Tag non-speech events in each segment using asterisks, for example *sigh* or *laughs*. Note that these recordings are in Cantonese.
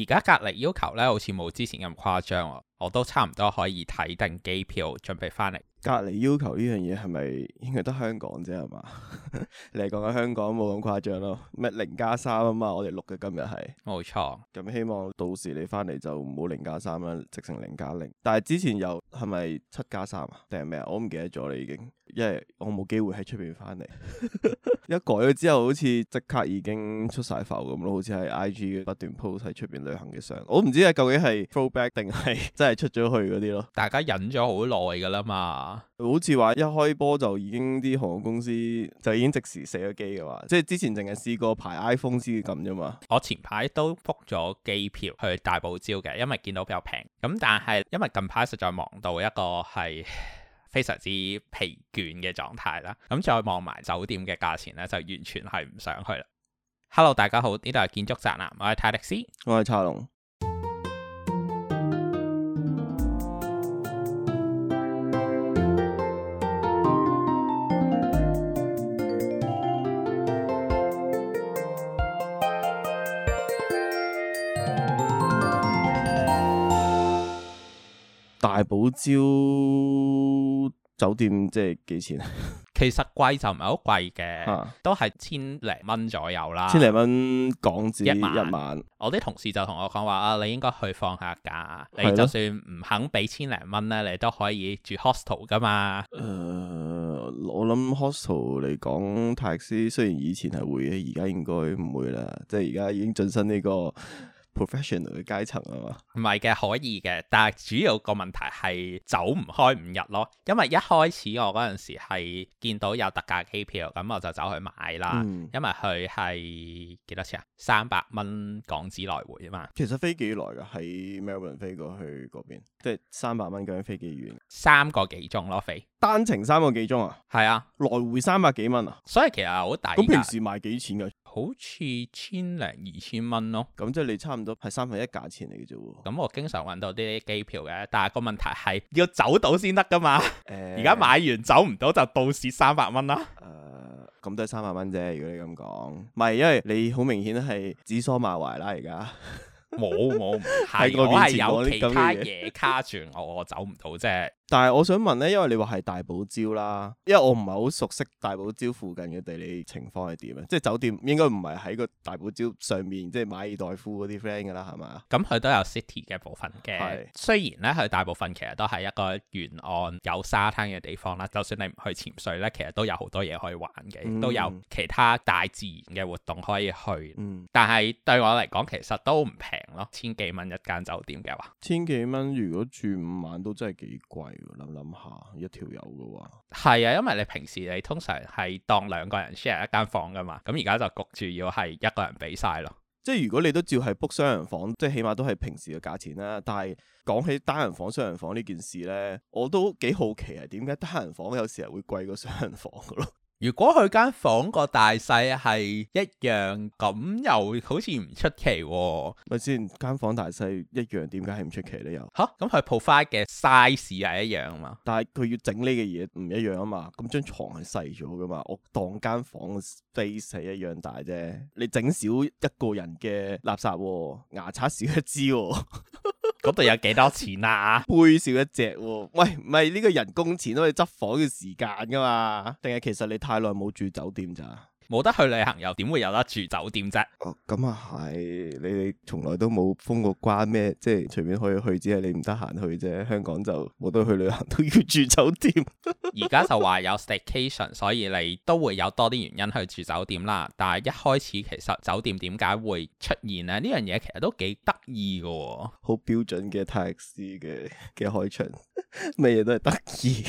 而家隔離要求呢，好似冇之前咁誇張喎。我都差唔多可以睇定機票，準備翻嚟。隔離要求呢樣嘢係咪應該得香港啫？係嘛？ *laughs* 你講緊香港冇咁誇張咯，咩零加三啊嘛？我哋錄嘅今日係冇錯。咁希望到時你翻嚟就唔好零加三啦，直成零加零。但係之前又係咪七加三啊？定係咩啊？我唔記得咗啦，已經，因為我冇機會喺出邊翻嚟。 *laughs* *laughs* 一改咗之後，好似即刻已經出晒埠咁咯，好似喺 IG 不斷 post 喺出邊旅行嘅相。我唔知係究竟係 throwback 定係係。 *laughs* 係出咗去啲咯，大家忍咗好耐噶啦嘛，好似話一開波就已經啲航空公司就已經即時死咗機嘅話，即係之前淨係試過排 iPhone 先咁啫嘛。我前排都 book 咗機票去大堡礁嘅，因為見到比較平咁，但係因為近排實在忙到一個係非常之疲倦嘅狀態啦，咁再望埋酒店嘅價錢咧，就完全係唔上去啦。Hello，大家好，呢度係建築宅男，我係泰迪斯，我係查龍。大堡礁酒店即係幾錢？ *laughs* 其實貴就唔係好貴嘅，啊、都係千零蚊左右啦。千零蚊港紙一萬。一萬。我啲同事就同我講話啊，你應該去放下假。你就算唔肯俾千零蚊咧，你都可以住 hostel 噶嘛。誒的、呃，我諗 hostel 嚟講 taxes 雖然以前係會嘅，而家應該唔會啦。即係而家已經晉身呢、這個。 *laughs* professional 嘅階層啊嘛，唔係嘅，可以嘅，但係主要個問題係走唔開五日咯。因為一開始我嗰陣時係見到有特價機票，咁我就走去買啦。嗯、因為佢係幾多錢啊？三百蚊港紙來回啊嘛。其實飛幾耐㗎？喺 Melbourne 飛過去嗰邊，即係三百蚊咁樣飛幾遠？三個幾鐘咯，飛單程三個幾鐘啊？係啊，來回三百幾蚊啊。所以其實好抵。咁平時賣幾錢㗎啊？好似千零二千蚊咯，咁即係你差唔多係三分一價錢嚟嘅啫。咁我經常搵到啲機票嘅，但係個問題係要走到先得噶嘛。誒、欸，而家買完走唔到就倒蝕三百蚊啦。誒、呃，咁都係三百蚊啫。如果你咁講，唔係因為你好明顯係指桑罵槐啦而家。冇冇，係我係有其他嘢卡住 *laughs* 我，我走唔到啫。但係我想問咧，因為你話係大堡礁啦，因為我唔係好熟悉大堡礁附近嘅地理情況係點啊？即係酒店應該唔係喺個大堡礁上面，即係馬爾代夫嗰啲 friend 㗎啦，係咪啊？咁佢都有 city 嘅部分嘅，是雖然咧佢大部分其實都係一個沿岸有沙灘嘅地方啦。就算你唔去潛水咧，其實都有好多嘢可以玩嘅，嗯、都有其他大自然嘅活動可以去。嗯。但係對我嚟講，其實都唔平咯，千幾蚊一間酒店嘅話，千幾蚊如果住五晚都真係幾貴。諗諗下，一條友嘅話係啊，因為你平時你通常係當兩個人 share 一間房噶嘛，咁而家就焗住要係一個人俾晒咯。即係如果你都照係 book 雙人房，即係起碼都係平時嘅價錢啦。但係講起單人房、雙人房呢件事咧，我都幾好奇啊，點解單人房有時會貴過雙人房嘅咯。如果佢間房個大細係一樣，咁又好似唔出奇喎。咪先間房大細一樣，點解係唔出奇呢？又吓咁佢 provide 嘅 size 係一樣嘛？但係佢要整呢嘅嘢唔一樣啊嘛？咁張床係細咗噶嘛？我當間房嘅 space 係一樣大啫。你整少一個人嘅垃圾喎，牙刷少一支喎。 *laughs* 嗰度有幾多錢啊？ *laughs* 背少一隻喎、啊，喂，唔係呢個人工錢都可、啊、以執房嘅時間噶、啊、嘛？定係其實你太耐冇住酒店咋？冇得去旅行又點會有得住酒店啫？哦，咁啊係，你你從來都冇封過關咩？即係隨便可以去，只係你唔得閒去啫。香港就冇得去旅行都要住酒店。而 *laughs* 家就話有 staycation，所以你都會有多啲原因去住酒店啦。但係一開始其實酒店點解會出現呢？呢樣嘢其實都幾得意嘅喎，好標準嘅 taxi 嘅嘅開場，咩嘢都係得意。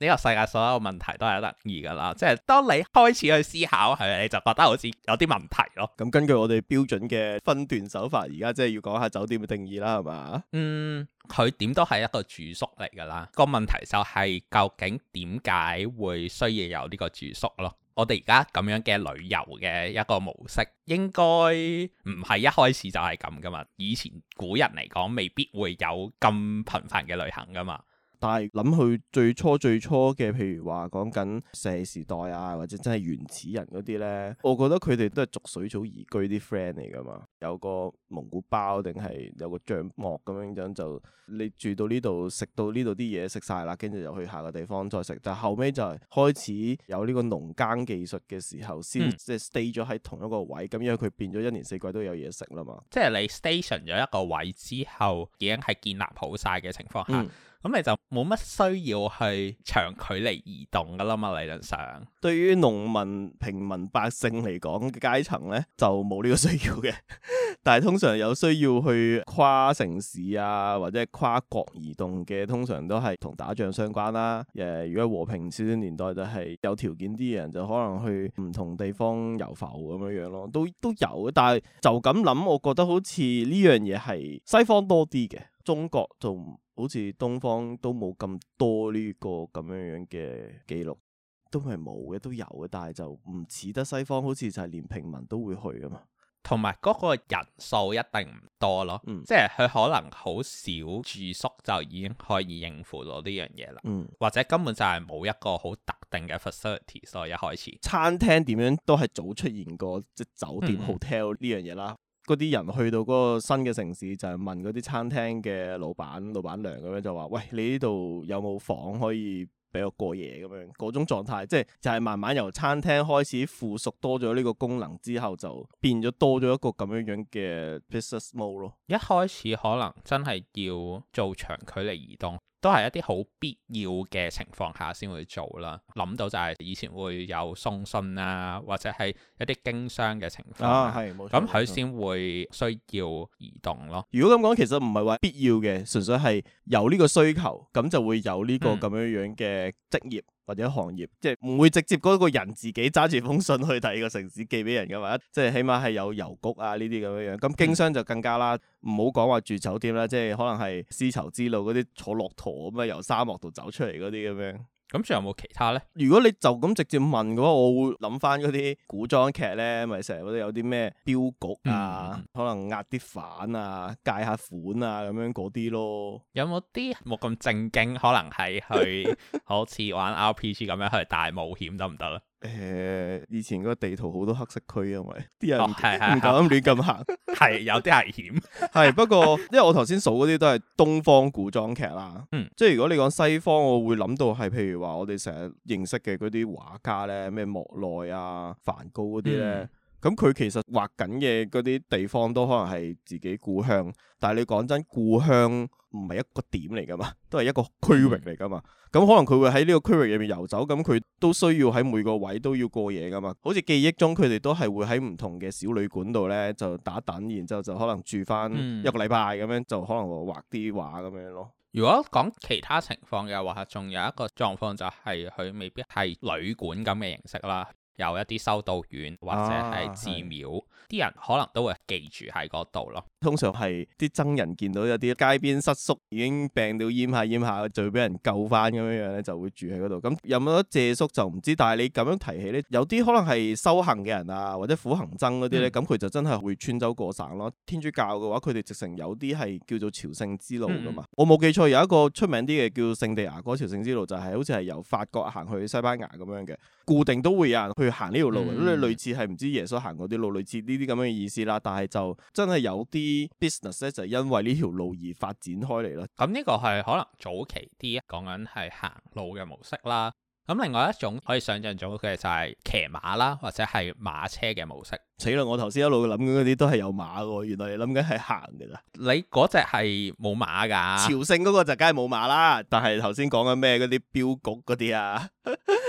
呢 *laughs* 個世界所有問題都係得意噶啦，即係當你開始去思考。係，你就覺得好似有啲問題咯。咁根據我哋標準嘅分段手法，而家即係要講下酒店嘅定義啦，係嘛？嗯，佢點都係一個住宿嚟㗎啦。個問題就係究竟點解會需要有呢個住宿咯？我哋而家咁樣嘅旅遊嘅一個模式，應該唔係一開始就係咁㗎嘛？以前古人嚟講，未必會有咁頻繁嘅旅行㗎嘛？但係諗佢最初最初嘅，譬如話講緊石器時代啊，或者真係原始人嗰啲咧，我覺得佢哋都係逐水草而居啲 friend 嚟噶嘛，有個蒙古包定係有個帳幕咁樣樣，就你住到呢度食到呢度啲嘢食晒啦，跟住就去下個地方再食。但係後尾就係開始有呢個農耕技術嘅時候，先即係 stay 咗喺同一個位。咁因為佢變咗一年四季都有嘢食啦嘛。即係你 station 咗一個位之後，已經係建立好晒嘅情況下。嗯咁你就冇乜需要去長距離移動噶啦嘛，理論上。對於農民、平民百姓嚟講嘅階層呢就冇呢個需要嘅。 *laughs* 但係通常有需要去跨城市啊，或者跨國移動嘅，通常都係同打仗相關啦。誒、yeah，如果和平少少年代，就係有條件啲人就可能去唔同地方遊浮咁樣樣咯，都都有。但係就咁諗，我覺得好似呢樣嘢係西方多啲嘅。中國就好似東方都冇咁多呢個咁樣樣嘅記錄，都係冇嘅，都有嘅，但係就唔似得西方，好似就係連平民都會去噶嘛。同埋嗰個人數一定唔多咯，嗯、即係佢可能好少住宿就已經可以應付到呢樣嘢啦。嗯，或者根本就係冇一個好特定嘅 facility，所以一開始餐廳點樣都係早出現過，即酒店、嗯、hotel 呢樣嘢啦。嗰啲人去到嗰個新嘅城市，就係問嗰啲餐廳嘅老闆、老闆娘咁樣就話：喂，你呢度有冇房可以俾我過夜？咁樣嗰種狀態，即係就係、是、慢慢由餐廳開始附屬多咗呢個功能之後，就變咗多咗一個咁樣樣嘅 business model 咯。一開始可能真係要做長距離移動。都係一啲好必要嘅情況下先會做啦，諗到就係以前會有送信啦、啊，或者係一啲經商嘅情況啊，係、啊，冇錯，咁佢先會需要移動咯。如果咁講，其實唔係話必要嘅，純粹係有呢個需求，咁就會有呢個咁樣樣嘅職業。嗯或者行業，即係唔會直接嗰個人自己揸住封信去第二個城市寄俾人噶嘛，即係起碼係有郵局啊呢啲咁樣樣。咁經商就更加啦，唔好講話住酒店啦，即係可能係絲綢之路嗰啲坐駱駝咁樣，由沙漠度走出嚟嗰啲咁樣。咁仲有冇其他咧？如果你就咁直接問嘅話，我會諗翻嗰啲古裝劇咧，咪成日嗰啲有啲咩鏢局啊，嗯、可能壓啲反啊，戒下款啊，咁樣嗰啲咯。嗯、有冇啲冇咁正經？可能係去 *laughs* 好似玩 RPG 咁樣去大冒險得唔得啊？行誒以前嗰個地圖好多黑色區，因為啲人唔、哦、 *laughs* 夠膽亂咁行 *laughs* *laughs* ，係有啲危險 *laughs* 係，不過，因為我頭先數嗰啲都係東方古裝劇啦，嗯、即係如果你講西方，我會諗到係譬如話我哋成日認識嘅嗰啲畫家咧，咩莫奈啊、梵高嗰啲咧。嗯咁佢其實畫緊嘅嗰啲地方都可能係自己故鄉，但係你講真，故鄉唔係一個點嚟㗎嘛，都係一個區域嚟㗎嘛。咁、嗯、可能佢會喺呢個區域入面遊走，咁佢都需要喺每個位都要過夜㗎嘛。好似記憶中，佢哋都係會喺唔同嘅小旅館度咧就打躉，然之後就可能住返一個禮拜咁樣，嗯、就可能畫啲畫咁樣咯。如果講其他情況嘅話，仲有一個狀況就係佢未必係旅館咁嘅形式啦。有一啲修道院或者係寺廟，啲、啊、人可能都會記住喺嗰度咯。通常係啲僧人見到有啲街邊失宿已經病到奄 *noise* 下奄下，下，就會俾人救翻咁樣樣咧，就會住喺嗰度。咁有冇得借宿就唔知。但係你咁樣提起咧，有啲可能係修行嘅人啊，或者苦行僧嗰啲咧，咁佢、嗯、就真係會穿州過省咯。天主教嘅話，佢哋直程有啲係叫做朝聖之路噶嘛。嗯、我冇記錯，有一個出名啲嘅叫聖地牙哥朝聖之路，就係好似係由法國行去西班牙咁樣嘅。固定都會有人去行呢條路、嗯、路，類似係唔知耶穌行嗰啲路，類似呢啲咁樣嘅意思啦。但係就真係有啲 business 咧，就係、因為呢條路而發展開嚟咯。咁呢、嗯這個係可能早期啲講緊係行路嘅模式啦。咁另外一種可以想像到嘅就係騎馬啦，或者係馬車嘅模式。死啦！我頭先一路諗緊嗰啲都係有馬噶，原來你諗緊係行噶啦。你嗰隻係冇馬噶？朝聖嗰個就梗係冇馬啦。但係頭先講緊咩？嗰啲鏢局嗰啲啊，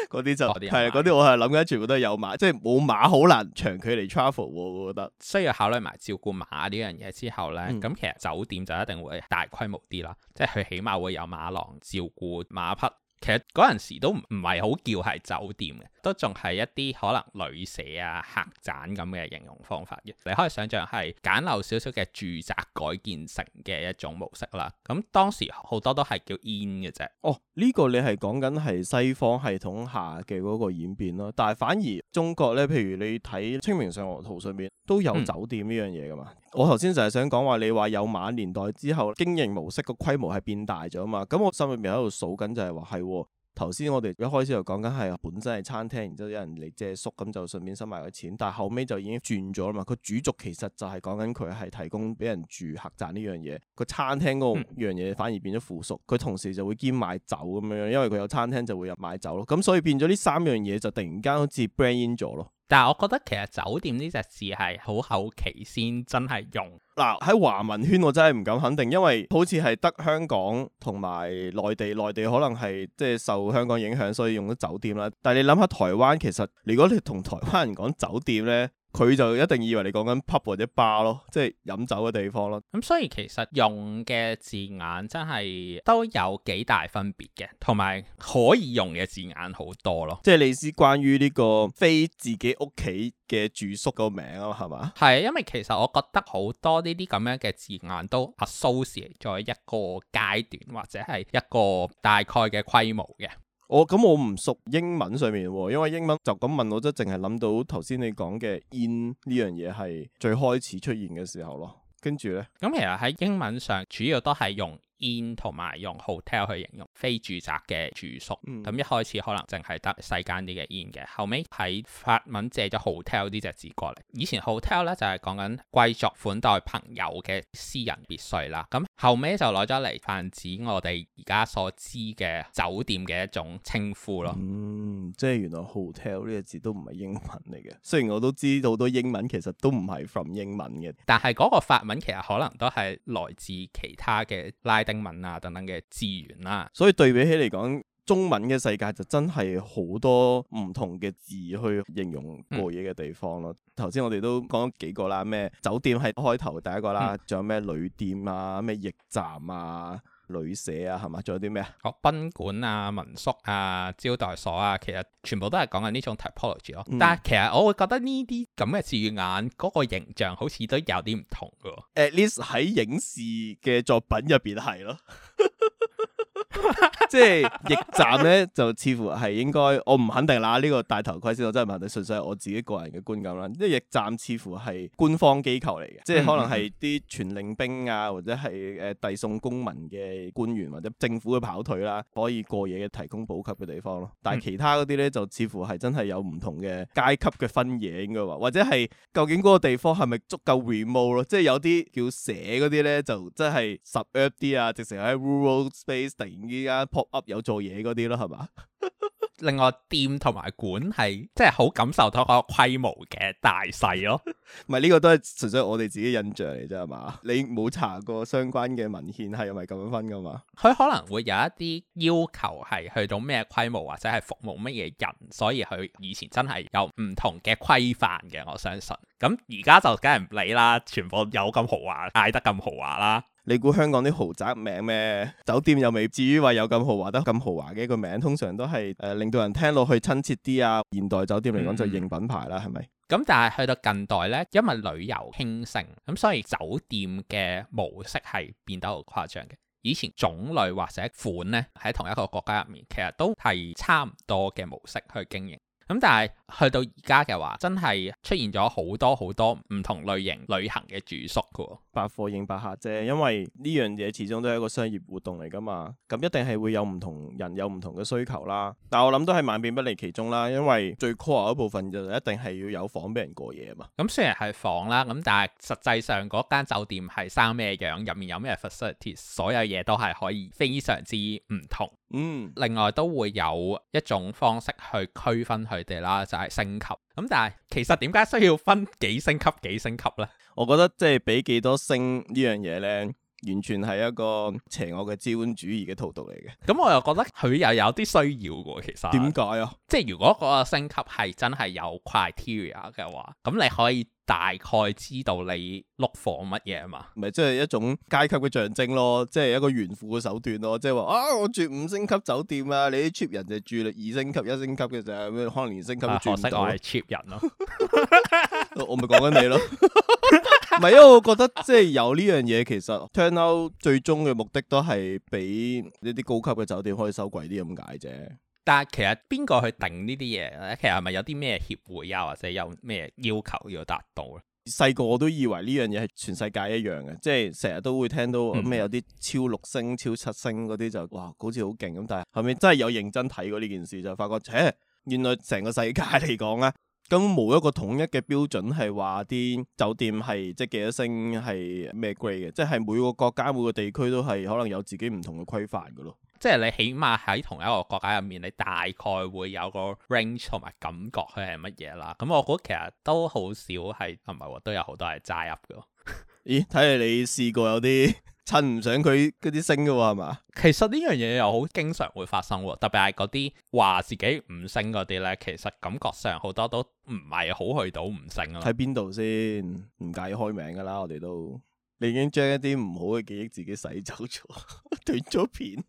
嗰 *laughs* 啲就係嗰啲我係諗緊全部都係有馬，即係冇馬好難長距離 travel。我覺得需要考慮埋照顧馬呢樣嘢之後咧，咁、嗯、其實酒店就一定會大規模啲啦，即係佢起碼會有馬狼照顧馬匹。其實嗰陣時都唔係好叫係酒店嘅。都仲係一啲可能旅社啊、客棧咁嘅形容方法嘅，你可以想象係簡陋少少嘅住宅改建成嘅一種模式啦。咁當時好多都係叫 inn 嘅啫。哦，呢、呢個你係講緊係西方系統下嘅嗰個演變咯，但係反而中國咧，譬如你睇清明上河圖上面都有酒店呢樣嘢噶嘛。嗯、我頭先就係想講話，你話有馬年代之後經營模式個規模係變大咗嘛？咁我心裏面喺度數緊就係話係。頭先我哋一開始就講緊係本身係餐廳，然之後有人嚟借宿，咁就順便收埋啲錢。但係後尾就已經轉咗啦嘛。佢主軸其實就係講緊佢係提供俾人住客棧呢樣嘢，個餐廳嗰樣嘢反而變咗附屬。佢同時就會兼賣酒咁樣，因為佢有餐廳就會有賣酒咯。咁所以變咗呢三樣嘢就突然間好似 brand in 咗咯。但係我覺得其實酒店呢隻字係好後期先真係用。嗱，喺華文圈我真係唔敢肯定，因為好似係得香港同埋內地，內地可能係即係受香港影響，所以用咗酒店啦。但係你諗下台灣，其實如果你同台灣人講酒店呢。佢就一定以為你講緊 pub 或者 bar 咯，即係飲酒嘅地方咯。咁、嗯、所以其實用嘅字眼真係都有幾大分別嘅，同埋可以用嘅字眼好多咯。即係你知關於呢個非自己屋企嘅住宿個名啊，係嘛？係啊，因為其實我覺得好多呢啲咁樣嘅字眼都 associate 一個階段或者係一個大概嘅規模嘅。我咁我唔熟英文上面，因為英文就咁問我，即係淨係諗到頭先你講嘅 in 呢樣嘢係最開始出現嘅時候咯。跟住咧，咁其實喺英文上主要都係用。Inn 同埋用 hotel 去形容非住宅嘅住宿，咁、嗯、一開始可能淨係得細間啲嘅 inn 嘅，後尾喺法文借咗 hotel 呢隻字過嚟。以前 hotel 咧就係講緊貴族款待朋友嘅私人別墅啦，咁後尾就攞咗嚟泛指我哋而家所知嘅酒店嘅一種稱呼咯。嗯，即係原來 hotel 呢隻字都唔係英文嚟嘅。雖然我都知道好多英文其實都唔係 from 英文嘅，但係嗰個法文其實可能都係來自其他嘅拉丁。中文啊等等嘅資源啦、啊，所以對比起嚟講，中文嘅世界就真係好多唔同嘅字去形容過夜嘅地方咯。頭先、嗯、我哋都講咗幾個啦，咩酒店係開頭第一個啦，仲、嗯、有咩旅店啊、咩驛站啊。旅社啊，係嘛？仲有啲咩啊？哦，賓館啊、民宿啊、招待所啊，其實全部都係講緊呢種 typology 咯。嗯、但係其實我會覺得呢啲咁嘅字眼嗰、嗰個形象好似都有啲唔同嘅。At least 喺影視嘅作品入邊係咯。 *laughs* *laughs* 即係驛站呢，就似乎係應該，我唔肯定啦。呢、這個戴頭盔先，我真係唔肯定，純粹係我自己個人嘅觀感啦。因為驛站似乎係官方機構嚟嘅，嗯、即係可能係啲傳令兵啊，或者係誒遞送公文嘅官員或者政府嘅跑腿啦、啊，可以過夜嘅提供補給嘅地方咯。但係其他嗰啲呢，嗯、就似乎係真係有唔同嘅階級嘅分野應該話，或者係究竟嗰個地方係咪足夠 remote 咯？即係有啲叫寫嗰啲呢，就真係十 ft 啊，直成喺 rural space 依家 pop up 有做嘢嗰啲咯，係嘛？ *laughs* 另外店同埋館係即係好感受到個規模嘅大細咯。 *laughs* 唔係呢個都係純粹我哋自己印象嚟啫，係嘛？你冇查過相關嘅文獻係唔係咁樣分噶嘛？佢可能會有一啲要求係去到咩規模或者係服務乜嘢人，所以佢以前真係有唔同嘅規範嘅。我相信咁而家就梗係唔理啦，全部有咁豪華，嗌得咁豪華啦。你估香港啲豪宅名咩？酒店又未至於話有咁豪華得咁豪華嘅，個名通常都係誒、呃、令到人聽落去親切啲啊。現代酒店嚟講就認品牌啦，係咪、嗯？是咁但係去到近代咧，因為旅遊興盛，咁所以酒店嘅模式係變得好誇張嘅。以前種類或者款咧，喺同一個國家入面，其實都係差唔多嘅模式去經營。咁但係去到而家嘅話，真係出現咗好多好多唔同類型旅行嘅住宿噶喎。百貨應百客啫，因為呢樣嘢始終都係一個商業活動嚟噶嘛。咁一定係會有唔同人有唔同嘅需求啦。但我諗都係萬變不離其宗啦，因為最 core 嗰部分就一定係要有房俾人過夜嘛。咁、嗯、雖然係房啦，咁但係實際上嗰間酒店係生咩樣，入面有咩 facility，所有嘢都係可以非常之唔同。嗯，另外都會有一種方式去區分佢哋啦，就係、是、星級。咁、嗯、但係其實點解需要分幾星級幾星級呢？我覺得即係俾幾多星呢樣嘢呢？完全係一個邪惡嘅資本主義嘅套路嚟嘅。咁、嗯、我又覺得佢又有啲需要嘅，其實點解啊？即係如果嗰個升級係真係有 criteria 嘅話，咁你可以大概知道你 look for 乜嘢啊嘛？咪即係一種階級嘅象徵咯，即係一個炫富嘅手段咯，即係話啊，我住五星級酒店啊，你啲 cheap 人就住二星級、一星級嘅就係咩？可能連星級嘅住唔住。學識係 cheap 人啊！我咪講緊你咯。 *laughs* *laughs* 唔係， *laughs* 因為我覺得即係有呢樣嘢，其實 turn out 最終嘅目的都係俾一啲高級嘅酒店可以收貴啲咁解啫。但係其實邊個去定呢啲嘢？其實係咪有啲咩協會啊，或者有咩要求要達到咧？細個我都以為呢樣嘢係全世界一樣嘅，即係成日都會聽到咩有啲超六星、超七星嗰啲就哇，好似好勁咁。但係後面真係有認真睇過呢件事就發覺，誒、欸，原來成個世界嚟講咧。根本冇一個統一嘅標準，係話啲酒店係即係幾多星係咩 grade 嘅，即係每個國家每個地區都係可能有自己唔同嘅規範噶咯。即係你起碼喺同一個國家入面，你大概會有個 range 同埋感覺佢係乜嘢啦。咁我覺得其實都好少係，唔係都有好多係齋 up 嘅。 *laughs* 咦，睇嚟你試過有啲。 *laughs* 襯唔上佢嗰啲星噶喎。哦，係嘛？其實呢樣嘢，又好經常會發生喎，特別係嗰啲話自己五星嗰啲咧，其實感覺上好多都唔係好去到五星啊。喺邊度先？唔介意開名噶啦，我哋都。你已經將一啲唔好嘅記憶自己洗走咗， *laughs* 斷咗片。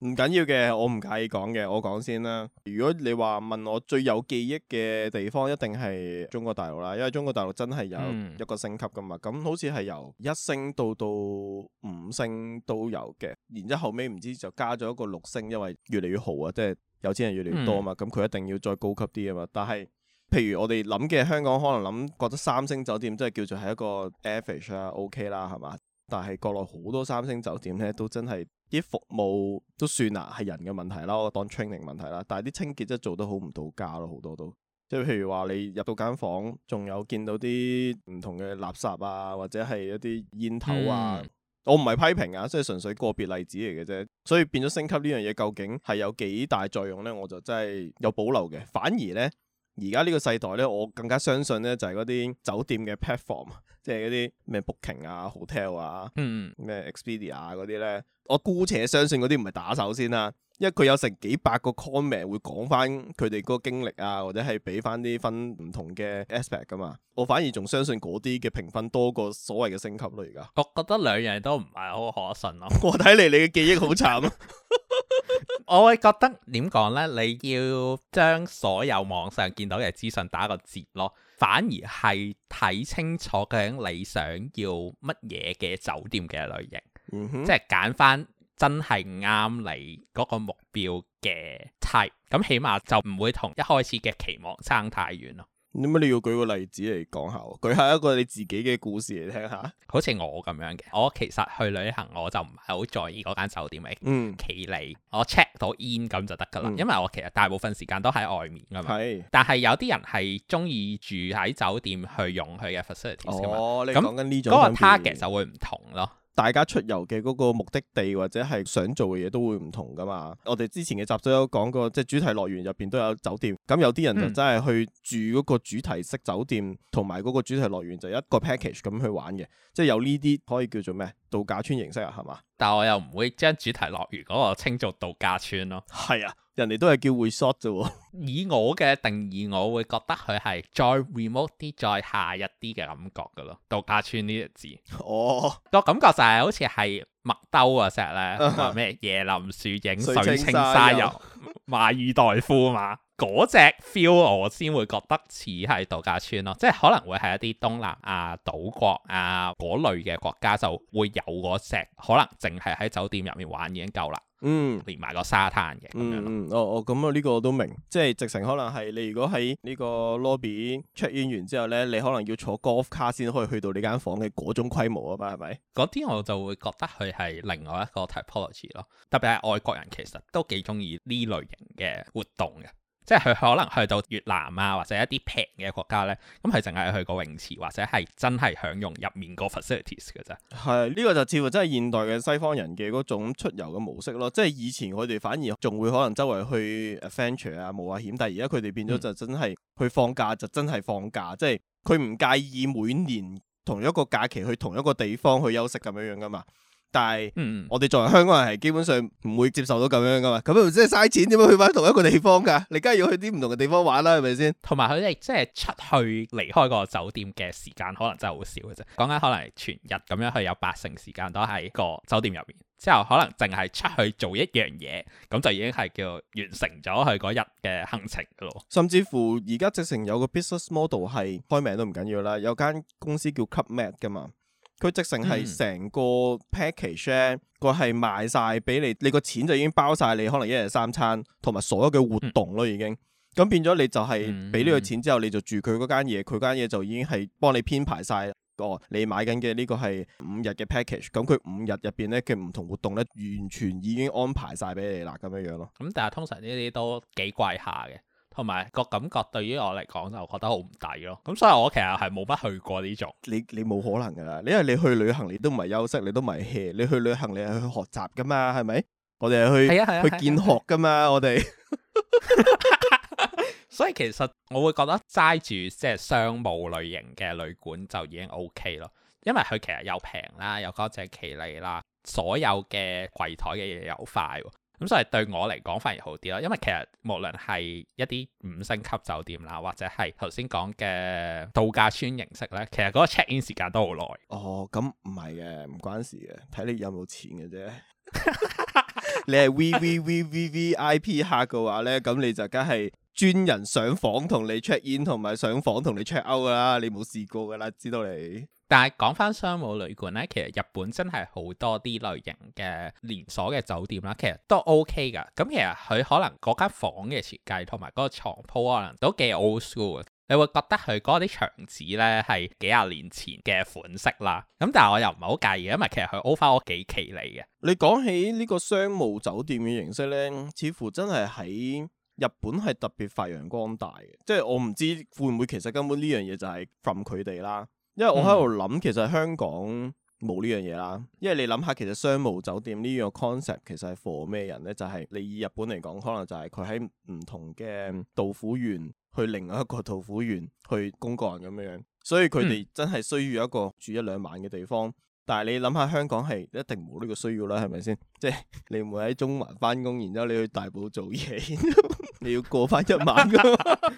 唔緊要嘅，我唔介意講嘅，我講先啦。如果你話問我最有記憶嘅地方，一定係中國大陸啦，因為中國大陸真係有一個星級噶嘛。咁、嗯、好似係由一星到到五星都有嘅，然之後尾唔知就加咗一個六星，因為越嚟越豪啊，即係有錢人越嚟越多啊嘛。咁佢、嗯、一定要再高級啲啊嘛。但係譬如我哋諗嘅香港，可能諗覺得三星酒店即係叫做係一個 average 啦，OK 啦，係嘛？但係國內好多三星酒店咧，都真係啲服務都算啦，係人嘅問題啦，我當 training 問題啦。但係啲清潔真係做得好唔到家咯，好多都即係譬如話你入到間房，仲有見到啲唔同嘅垃圾啊，或者係一啲煙頭啊。嗯、我唔係批評啊，即係純粹個別例子嚟嘅啫。所以變咗升級呢樣嘢，究竟係有幾大作用咧？我就真係有保留嘅。反而咧。而家呢個世代咧，我更加相信咧就係嗰啲酒店嘅 platform，即係嗰啲咩 booking 啊、hotel 啊、咩 expedia 嗰啲咧，我姑且相信嗰啲唔係打手先啦，因為佢有成幾百個 comment 會講翻佢哋嗰個經歷啊，或者係俾翻啲分唔同嘅 aspect 噶嘛，我反而仲相信嗰啲嘅評分多過所謂嘅星級咯，而家。我覺得兩樣都唔係好可信咯， *laughs* 我睇嚟你嘅記憶好慘。 *laughs* 我會覺得點講呢？你要將所有網上見到嘅資訊打個折咯，反而係睇清楚究竟你想要乜嘢嘅酒店嘅類型，嗯、哼即係揀翻真係啱你嗰個目標嘅 type，咁起碼就唔會同一開始嘅期望差太遠咯。點解你要舉個例子嚟講下？舉下一個你自己嘅故事嚟聽下。好似我咁樣嘅，我其實去旅行我就唔係好在意嗰間酒店咪，嗯，企理，我 check 到 in 咁就得噶啦。嗯、因為我其實大部分時間都喺外面噶嘛。係是。但係有啲人係中意住喺酒店去用佢嘅 facilities 噶、哦、嘛。哦在那，你講緊個 target 就會唔同咯。大家出遊嘅嗰個目的地或者係想做嘅嘢都會唔同噶嘛。我哋之前嘅集都有講過，即係主題樂園入邊都有酒店。咁有啲人就真係去住嗰個主題式酒店，同埋嗰個主題樂園就一個 package 咁去玩嘅。即係有呢啲可以叫做咩？度假村形式啊，係嘛？但我又唔會將主題樂園嗰個稱做度假村咯、啊。係啊，人哋都係叫 re、啊、sort 啫。以我嘅定義，我會覺得佢係再 remote 啲、再下一啲嘅感覺噶咯。度假村呢啲字，哦，個感覺就係好似係麥兜石啊 set 咧，話咩椰林樹影、啊、水清沙幼、馬爾 *laughs* 代夫啊嘛。嗰隻 feel 我先會覺得似係度假村咯，即係可能會係一啲東南亞島國啊嗰類嘅國家就會有嗰隻，可能淨係喺酒店入面玩已經夠啦、嗯嗯。嗯，連埋個沙灘嘅。嗯嗯，我哦，咁、哦、啊，呢個都明，即係直情可能係你如果喺呢個 lobby check in 完之後咧，你可能要坐 golf car 先可以去到呢間房嘅嗰種規模啊嘛，係咪？嗰啲我就會覺得佢係另外一個 typology 咯，特別係外國人其實都幾中意呢類型嘅活動嘅。即係佢可能去到越南啊，或者一啲平嘅國家咧，咁佢淨係去個泳池，或者係真係享用入面個 facilities 嘅啫。係，呢個就似乎真係現代嘅西方人嘅嗰種出遊嘅模式咯。即係以前佢哋反而仲會可能周圍去 adventure 啊、冒下險，但係而家佢哋變咗就真係去放假、嗯、就真係放假。即係佢唔介意每年同一個假期去同一個地方去休息咁樣樣㗎嘛。但係，嗯、我哋作為香港人係基本上唔會接受到咁樣噶嘛，咁樣即係嘥錢，點樣去翻同一個地方噶？你梗係要去啲唔同嘅地方玩啦，係咪先？同埋佢哋即係出去離開個酒店嘅時間，可能真係好少嘅啫。講緊可能全日咁樣，去，有八成時間都喺個酒店入面，之後可能淨係出去做一樣嘢，咁就已經係叫完成咗佢嗰日嘅行程噶咯。甚至乎而家直情有個 business model 係開名都唔緊要啦，有間公司叫 Club Med 噶嘛。佢直成係成個 package 個係賣晒俾你，你個錢就已經包晒你可能一日三餐同埋所有嘅活動咯，嗯、已經咁變咗你就係俾呢個錢之後，你就住佢嗰間嘢，佢間嘢就已經係幫你編排晒、嗯哦、個你買緊嘅呢個係五日嘅 package，咁佢五日入邊咧嘅唔同活動咧，完全已經安排晒俾你啦，咁樣樣咯。咁但係通常呢啲都幾貴下嘅。同埋個感覺對於我嚟講就覺得好唔抵咯，咁所以我其實係冇乜去過呢種。你你冇可能㗎啦，因為你去旅行你都唔係休息，你都唔係 hea，你去旅行你係去學習㗎嘛，係咪？我哋係去去見學㗎嘛，我哋。所以其實我會覺得齋住即係商務類型嘅旅館就已經 OK 咯，因為佢其實又平啦，又幹淨齊利啦，所有嘅櫃台嘅嘢又好快。咁所以對我嚟講反而好啲啦，因為其實無論係一啲五星級酒店啦，或者係頭先講嘅度假村形式咧，其實嗰個 check in 時間都好耐。哦，咁唔係嘅，唔關事嘅，睇你有冇錢嘅啫。 *laughs* 你係 V V V V V I P 客嘅話咧，咁你就梗係專人上房同你 check in，同埋上房同你 check out 噶啦，你冇試過噶啦，知道你。但係講返商務旅館咧，其實日本真係好多啲類型嘅連鎖嘅酒店啦，其實都 O K 噶。咁其實佢可能嗰間房嘅設計同埋嗰個牀鋪，可能都幾 old school。你會覺得佢嗰啲牆紙呢係幾廿年前嘅款式啦，咁、嗯、但係我又唔係好介意，因為其實佢 over 我幾期嚟嘅。你講起呢個商務酒店嘅形式呢，似乎真係喺日本係特別發揚光大嘅，即係我唔知會唔會其實根本呢樣嘢就係 from 佢哋啦。因為我喺度諗，其實香港冇呢樣嘢啦，因為你諗下，其實商務酒店呢樣 concept 其實係 for 咩人呢？就係、是、你以日本嚟講，可能就係佢喺唔同嘅都道府縣。去另外一個屠夫園去公幹，咁樣，所以佢哋真係需要一個住一兩晚嘅地方。嗯、但係你諗下，香港係一定冇呢個需要啦，係咪先？即係你唔會喺中環翻工，然之後你去大埔做嘢， *laughs* 你要過翻一晚噶 *laughs*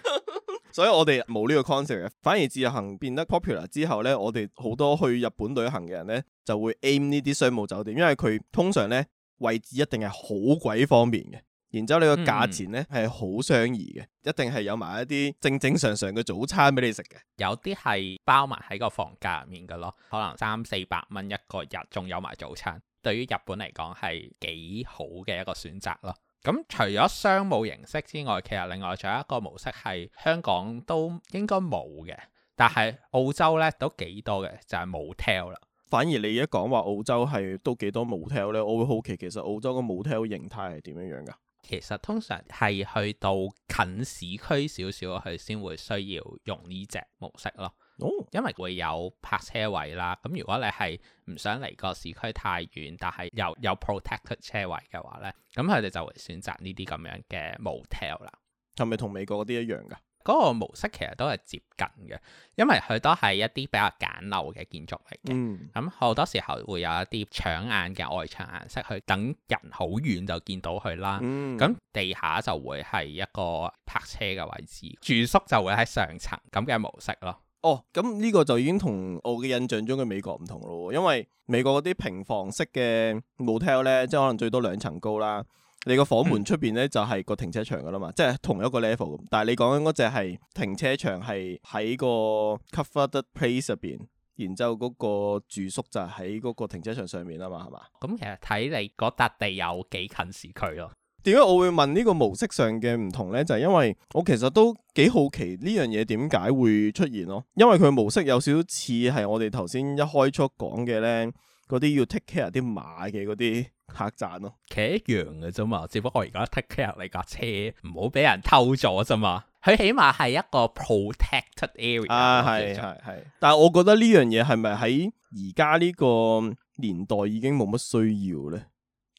*laughs* 所以我哋冇呢個 concept 嘅。反而自由行變得 popular 之後呢，我哋好多去日本旅行嘅人呢，就會 aim 呢啲商務酒店，因為佢通常呢位置一定係好鬼方便嘅。然之後你個價錢咧係好相宜嘅，嗯、一定係有埋一啲正正常常嘅早餐俾你食嘅。有啲係包埋喺個房價入面嘅咯，可能三四百蚊一個日，仲有埋早餐。對於日本嚟講係幾好嘅一個選擇咯。咁除咗商務形式之外，其實另外仲有一個模式係香港都應該冇嘅，但係澳洲咧都幾多嘅，就係、是、motel 啦。反而你一講話澳洲係都幾多 motel 咧，我會好奇其實澳洲個 motel 形態係點樣樣㗎？其實通常係去到近市區少少，佢先會需要用呢隻模式咯。哦，因為會有泊車位啦。咁如果你係唔想離個市區太遠，但係又有 protected 車位嘅話呢，咁佢哋就會選擇呢啲咁樣嘅 motel 啦。係咪同美國嗰啲一樣㗎？嗰個模式其實都係接近嘅，因為佢都係一啲比較簡陋嘅建築嚟嘅。咁好、嗯嗯、多時候會有一啲搶眼嘅外牆顏色，去等人好遠就見到佢啦。咁、嗯嗯、地下就會係一個泊車嘅位置，住宿就會喺上層咁嘅模式咯。哦，咁呢個就已經同我嘅印象中嘅美國唔同咯，因為美國嗰啲平房式嘅 motel 咧，即係可能最多兩層高啦。你個房門出邊咧就係個停車場噶啦嘛，即係同一個 level。但係你講緊嗰隻係停車場係喺個 cover the place 入邊，然之後嗰個住宿就喺嗰個停車場上面啊嘛，係嘛？咁、嗯、其實睇你嗰笪地有幾近市區咯。點解我會問呢個模式上嘅唔同咧？就係、是、因為我其實都幾好奇呢樣嘢點解會出現咯。因為佢模式有少少似係我哋頭先一開初講嘅咧。嗰啲要 take care 啲馬嘅嗰啲客棧咯、啊，其實一樣嘅啫嘛，只不過我而家 take care 你架車，唔好俾人偷咗啫嘛。佢起碼係一個 protected area 啊，係係係。但係我覺得呢樣嘢係咪喺而家呢個年代已經冇乜需要咧？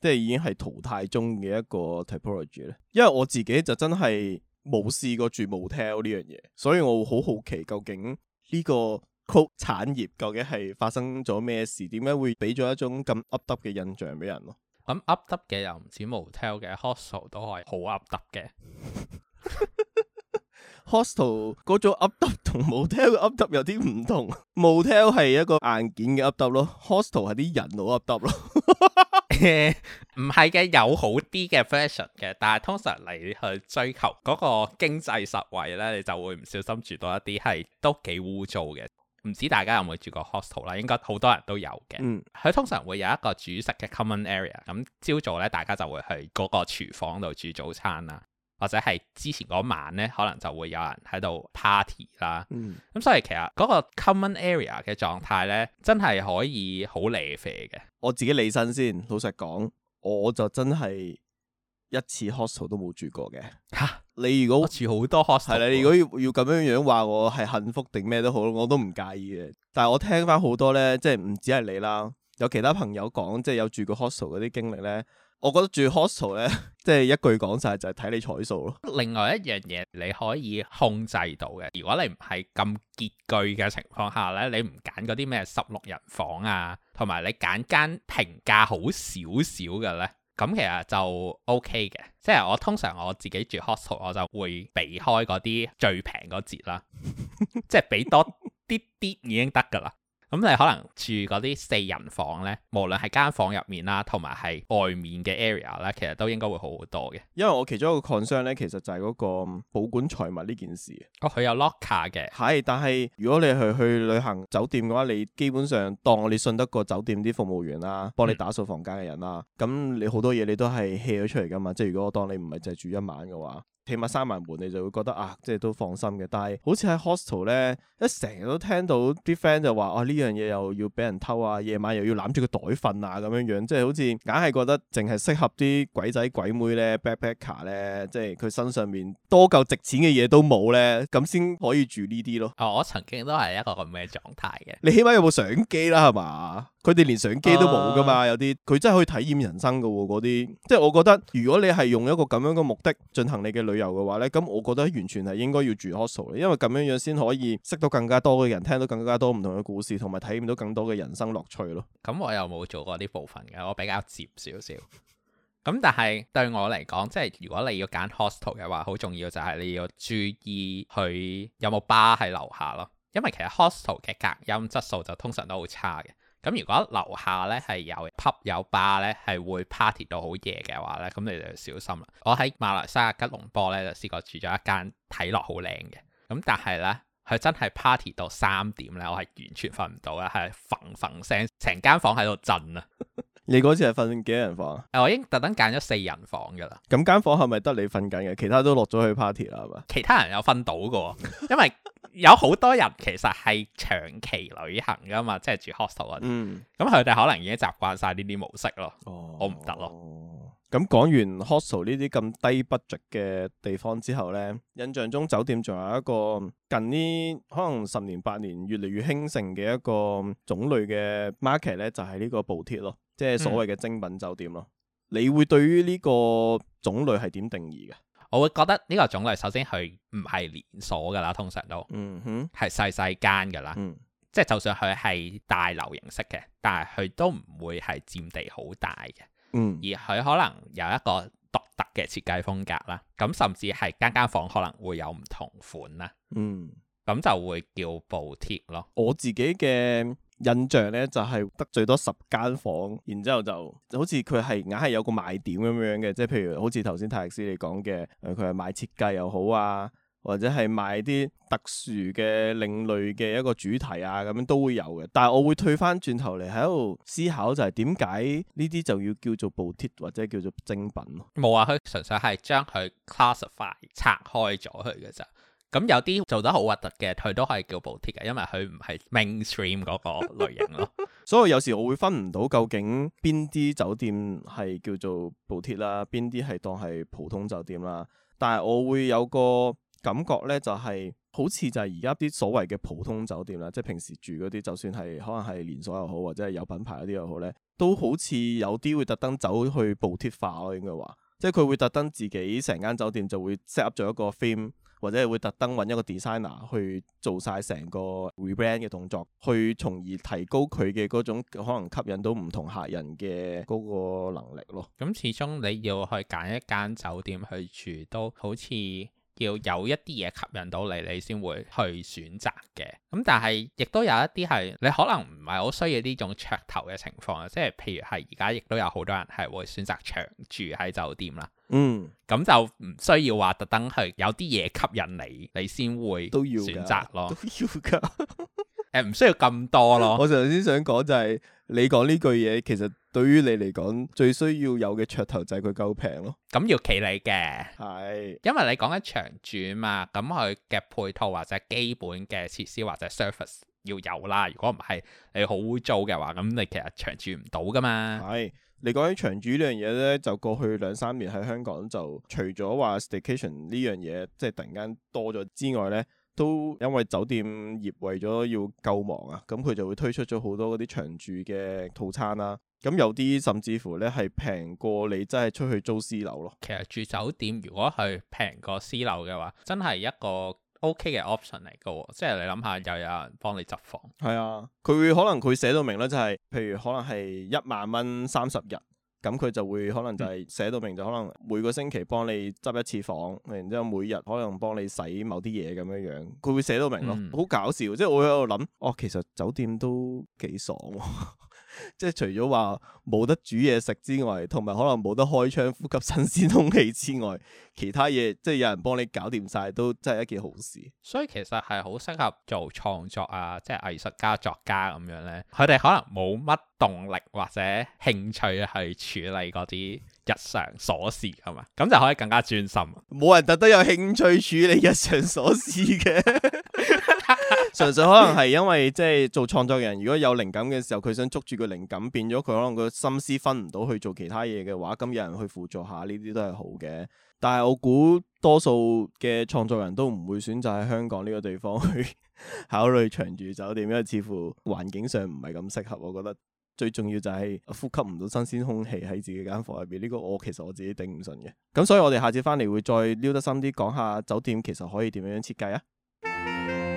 即係已經係淘汰中嘅一個 typology 咧。因為我自己就真係冇試過住 motel 呢樣嘢，所以我好好奇究竟呢、呢個曲產業究竟係發生咗咩事？點解會俾咗一種咁噏噏嘅印象俾人咯？咁噏噏嘅又唔止 motel 嘅，hostel 都係好噏噏嘅。hostel 嗰種噏噏同 motel 嘅噏噏有啲唔同。motel 係一個硬件嘅噏噏咯，hostel 係啲人攞噏噏咯。誒，唔係嘅，有好啲嘅 fashion 嘅，但係通常你去追求嗰個經濟實惠咧，你就會唔小心住到一啲係都幾污糟嘅。唔知大家有冇住過 hostel 啦，應該好多人都有嘅。佢、嗯、通常會有一個煮食嘅 common area，咁、嗯、朝早咧大家就會去嗰個廚房度煮早餐啦，或者係之前嗰晚咧可能就會有人喺度 party 啦。咁、嗯嗯、所以其實嗰個 common area 嘅狀態咧，真係可以好離憤嘅。我自己理身先，老實講，我就真係一次 hostel 都冇住過嘅，嚇哈！你如果好似好多 hostel，係啦，你如果要要咁樣樣話，我係幸福定咩都好，我都唔介意嘅。但係我聽翻好多咧，即係唔止係你啦，有其他朋友講，即係有住過 hostel 嗰啲經歷咧。我覺得住 hostel 咧，即係一句講晒就係睇你彩數咯。另外一樣嘢你可以控制到嘅，如果你唔係咁拮據嘅情況下咧，你唔揀嗰啲咩十六人房啊，同埋你揀間評價好少少嘅咧。咁其實就 OK 嘅，即係我通常我自己住 hostel，我就會避開嗰啲最平嗰節啦， *laughs* 即係俾多啲啲已經得㗎喇。咁你可能住嗰啲四人房咧，無論係間房入面啦，同埋係外面嘅 area 咧，其實都應該會好好多嘅。因為我其中一個 concern 咧，其實就係嗰個保管財物呢件事。哦，佢有 locker 嘅。係，但係如果你係去旅行酒店嘅話，你基本上當你信得過酒店啲服務員啦，幫你打掃房間嘅人啦，咁、嗯、你好多嘢你都係 hea 咗出嚟噶嘛。即係如果我當你唔係淨係住一晚嘅話。起碼閂埋門，你就會覺得啊，即係都放心嘅。但係好似喺 hostel 咧，一成日都聽到啲 friend 就話，啊呢樣嘢又要俾人偷啊，夜晚又要攬住個袋瞓啊，咁樣樣，即係好似硬係覺得淨係適合啲鬼仔鬼妹咧，backpacker 咧，即係佢身上面多嚿值錢嘅嘢都冇咧，咁先可以住呢啲咯。哦，我曾經都係一個咁嘅狀態嘅。 *laughs* 你起碼有部相機啦，係嘛？佢哋連相機都冇噶嘛，有啲佢真係可以體驗人生噶喎、哦，嗰啲即係我覺得如果你係用一個咁樣嘅目的進行你嘅旅遊嘅話呢，咁我覺得完全係應該要住 hostel 嘅，因為咁樣樣先可以識到更加多嘅人，聽到更加多唔同嘅故事，同埋體驗到更多嘅人生樂趣咯。咁、嗯、我又冇做過呢部分嘅，我比較接少少。咁、 *laughs* 嗯、但係對我嚟講，即係如果你要揀 hostel 嘅話，好重要就係你要注意佢有冇 bar 喺樓下咯，因為其實 hostel 嘅隔音質素就通常都好差嘅。咁如果樓下呢係有 pub 有 bar 呢，係會 party 到好夜嘅話呢，咁你就要小心啦。我喺馬來西亞吉隆坡呢，就試過住咗一間睇落好靚嘅，咁但係呢，佢真係 party 到三點呢，我係完全瞓唔到啦，係嘭嘭聲，成間房喺度震啊！ *laughs* 你嗰次係瞓幾人房啊？我已經特登揀咗四人房噶啦。咁間房係咪得你瞓緊嘅？其他都落咗去 party 啦嘛？其他人有瞓到嘅，因為。 *laughs* 有好多人其實係長期旅行噶嘛，即係住 hostel 嗰啲，咁佢哋可能已經習慣晒呢啲模式咯，哦、我唔得咯。咁講完 hostel 呢啲咁低 budget 嘅地方之後呢，印象中酒店仲有一個近呢，可能十年八年越嚟越興盛嘅一個種類嘅 market 呢，就係呢個 boutique 咯，即係所謂嘅精品酒店咯。嗯、你會對於呢個種類係點定義嘅？我會覺得呢個種類首先佢唔係連鎖㗎喇，通常都，嗯哼，係細細間㗎喇，嗯、即係就算佢係大樓形式嘅，但係佢都唔會係佔地好大嘅，嗯，而佢可能有一個獨特嘅設計風格啦，咁、嗯嗯、甚至係間間房可能會有唔同款啦，嗯，咁就會叫 Boutique 咯。我自己嘅印象咧就係、是、得最多十間房，然之後就，就好似佢係硬係有個賣點咁樣嘅，即係譬如好似頭先泰克斯你講嘅，誒佢係賣設計又好啊，或者係賣啲特殊嘅另類嘅一個主題啊，咁樣都會有嘅。但係我會退翻轉頭嚟喺度思考、就是，就係點解呢啲就要叫做 Boutique 或者叫做精品？冇啊，佢純粹係將佢 classify 拆開咗佢嘅咋。咁有啲做得好核突嘅，佢都係叫 boutique 嘅，因為佢唔係 mainstream 嗰個類型咯。 *laughs* *laughs* 所以有時我會分唔到究竟邊啲酒店係叫做 boutique 啦，邊啲係當係普通酒店啦。但係我會有個感覺咧，就係、係、好似就係而家啲所謂嘅普通酒店啦，即係平時住嗰啲，就算係可能係連鎖又好，或者係有品牌嗰啲又好咧，都好似有啲會特登走去 boutique 化咯，應該話，即係佢會特登自己成間酒店就會 set up 咗一個或者係會特登揾一個 designer 去做晒成個 rebrand 嘅動作，去從而提高佢嘅嗰種可能吸引到唔同客人嘅嗰個能力咯。咁始終你要去揀一間酒店去住，都好似要有一啲嘢吸引到你，你先會去選擇嘅。咁但係亦都有一啲係你可能唔係好需要呢種噱頭嘅情況啊，即係譬如係而家亦都有好多人係會選擇長住喺酒店啦。.嗯，咁就唔需要話特登去有啲嘢吸引你，你先會擇都要選擇咯，都要噶，誒 *laughs* 唔、欸、需要咁多咯。我頭先想講就係、是、你講呢句嘢，其實對於你嚟講最需要有嘅噱頭就係佢夠平咯。咁要企你嘅係，是因為你講緊長住嘛，咁佢嘅配套或者基本嘅設施或者 service 要有啦。如果唔係，你好污糟嘅話，咁你其實長住唔到噶嘛。係。你講起長住呢樣嘢咧，就過去兩三年喺香港就除咗話 staycation 呢樣嘢即係、就是、突然間多咗之外咧，都因為酒店業為咗要救忙啊，咁佢就會推出咗好多嗰啲長住嘅套餐啦。咁有啲甚至乎咧係平過你真係出去租私樓咯。其實住酒店如果係平過私樓嘅話，真係一個，O.K. 嘅 option 嚟噶、哦，即係你諗下，又有，有人幫你執房。係啊，佢會可能佢寫到明咧，就係、是、譬如可能係一萬蚊三十日，咁佢就會可能就係寫到明，嗯、就可能每個星期幫你執一次房，然之後每日可能幫你洗某啲嘢咁樣樣，佢會寫到明咯。好、嗯、搞笑，即、就、係、是、我喺度諗，哦，其實酒店都幾爽。 *laughs* 即係除咗話冇得煮嘢食之外，同埋可能冇得開窗呼吸新鮮空氣之外，其他嘢即係有人幫你搞掂晒，都真係一件好事。所以其實係好適合做創作啊，即係藝術家、作家咁樣咧，佢哋可能冇乜動力或者興趣去處理嗰啲。日常瑣事係嘛，咁就可以更加專心。冇人特登有興趣處理日常瑣事嘅，純粹可能係因為即係做創作人，如果有靈感嘅時候，佢想捉住個靈感，變咗佢可能個心思分唔到去做其他嘢嘅話，咁有人去輔助下呢啲都係好嘅。但係我估多數嘅創作人都唔會選擇喺香港呢個地方去考慮長住酒店，因為似乎環境上唔係咁適合，我覺得。最重要就係呼吸唔到新鮮空氣喺自己間房入邊，呢、這個我其實我自己頂唔順嘅。咁所以我哋下次翻嚟會再撩得深啲，講下酒店其實可以點樣設計啊。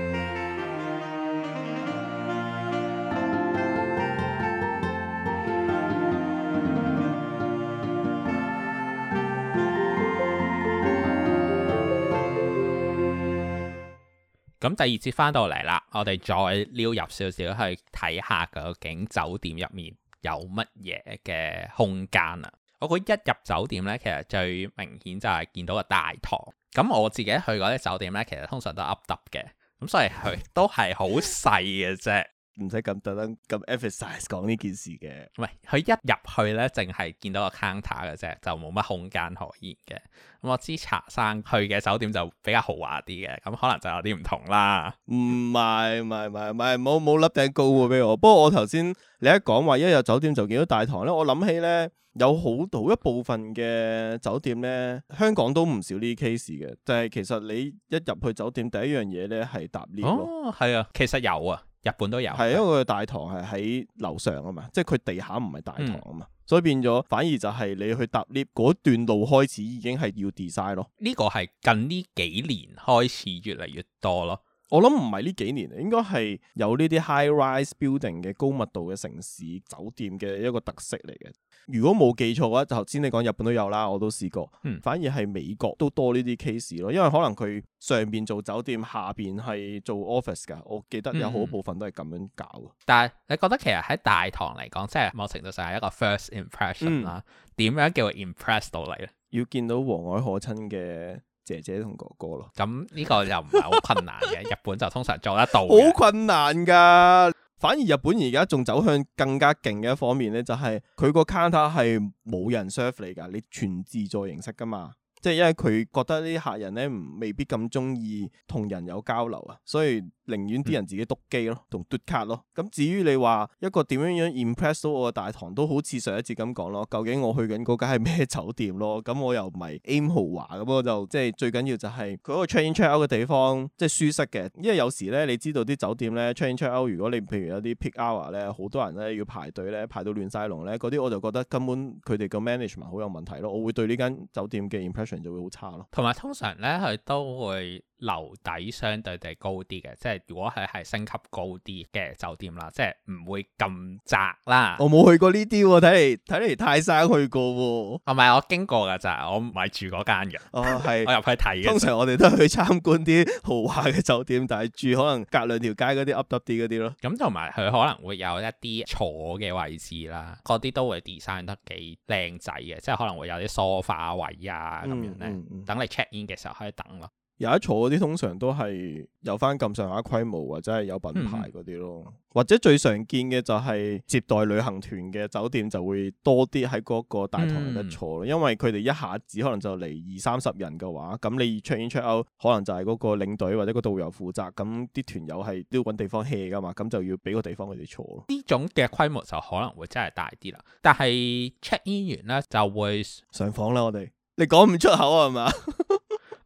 咁第二節翻到嚟啦，我哋再溜入少少去睇下究竟酒店入面有乜嘢嘅空間啊！我覺得一入酒店呢，其實最明顯就係見到個大堂。咁我自己去嗰啲酒店呢，其實通常都 up up 嘅，咁所以佢都係好細嘅啫。 *laughs* 唔使咁特登咁 emphasize 講呢件事嘅。唔係佢一入去咧，淨係見到個 counter 嘅啫，就冇乜空間可言嘅。咁、嗯、我知茶生去嘅酒店就比較豪華啲嘅，咁、嗯、可能就有啲唔同啦。唔係、嗯，唔係，唔係，冇冇粒頂高嘅俾我。不過我頭先你一講話一入酒店就見到大堂咧，我諗起咧有好好一部分嘅酒店咧，香港都唔少呢 case 嘅，就係、是、其實你一入去酒店第一樣嘢咧係搭 lift 咯。係啊、哦，其實有啊。日本都有，係因為佢大堂係喺樓上啊嘛，即係佢地下唔係大堂啊嘛，嗯、所以變咗反而就係你去搭 lift 嗰段路開始已經係要 design 咯。呢個係近呢幾年開始越嚟越多咯。我諗唔係呢幾年，應該係有呢啲 high rise building 嘅高密度嘅城市酒店嘅一個特色嚟嘅。如果冇記錯嘅話，頭先你講日本都有啦，我都試過。嗯、反而係美國都多呢啲 case 咯，因為可能佢上邊做酒店，下邊係做 office 噶。我記得有好多部分都係咁樣搞、嗯。但係你覺得其實喺大堂嚟講，即係某程度上係一個 first impression 啦、嗯。點樣叫 impress 到嚟咧？要見到和藹可親嘅姐姐同哥哥咯。咁呢個就唔係好困難嘅。 *laughs* 日本就通常做得到。好困難㗎。反而日本而家仲走向更加勁嘅一方面咧，就係佢個 counter 係冇人 serve 你噶，你全自助形式噶嘛，即係因為佢覺得啲客人咧未必咁中意同人有交流啊，所以。寧願啲人自己督機咯，同嘟卡咯。咁至於你話一個點樣樣 impress 到我嘅大堂都好似上一節咁講咯。究竟我去緊嗰間係咩酒店咯？咁我又唔係 aim 豪華，咁我就即係最緊要就係佢嗰個 check-in check-out 嘅地方即係舒適嘅。因為有時咧，你知道啲酒店咧 check-in check-out，如果你譬如有啲 peak hour 咧，好多人咧要排隊咧，排到亂晒龍咧，嗰啲我就覺得根本佢哋個 management 好有問題咯。我會對呢間酒店嘅 impression 就會好差咯。同埋通常咧佢都會。樓底相對地高啲嘅，即係如果係係升級高啲嘅酒店啦，即係唔會咁窄啦。我冇去過呢啲喎，睇嚟睇嚟泰山去過喎、哦。啊，唔係我經過㗎咋，我唔係住嗰間嘅。哦、啊，係 *laughs* 我入去睇嘅。通常我哋都係去參觀啲豪華嘅酒店，但係住可能隔兩條街嗰啲 Up Up 啲嗰啲咯。咁同埋佢可能會有一啲坐嘅位置啦，嗰啲都會 design 得幾靚仔嘅，即係可能會有啲梳化位啊咁、嗯嗯、樣咧，等你 check in 嘅時候可以等咯。有一坐嗰啲通常都係有翻咁上下規模或者係有品牌嗰啲咯，嗯、或者最常見嘅就係接待旅行團嘅酒店就會多啲喺嗰個大堂入邊坐咯，嗯、因為佢哋一下子可能就嚟二三十人嘅話，咁你 check in check out 可能就係嗰個領隊或者個導遊負責，咁啲團友係都要揾地方 hea 噶嘛，咁就要俾個地方佢哋坐。呢種嘅規模就可能會真係大啲啦，但係 check in 完咧就會上房啦，我哋你講唔出口啊係嘛？ *laughs*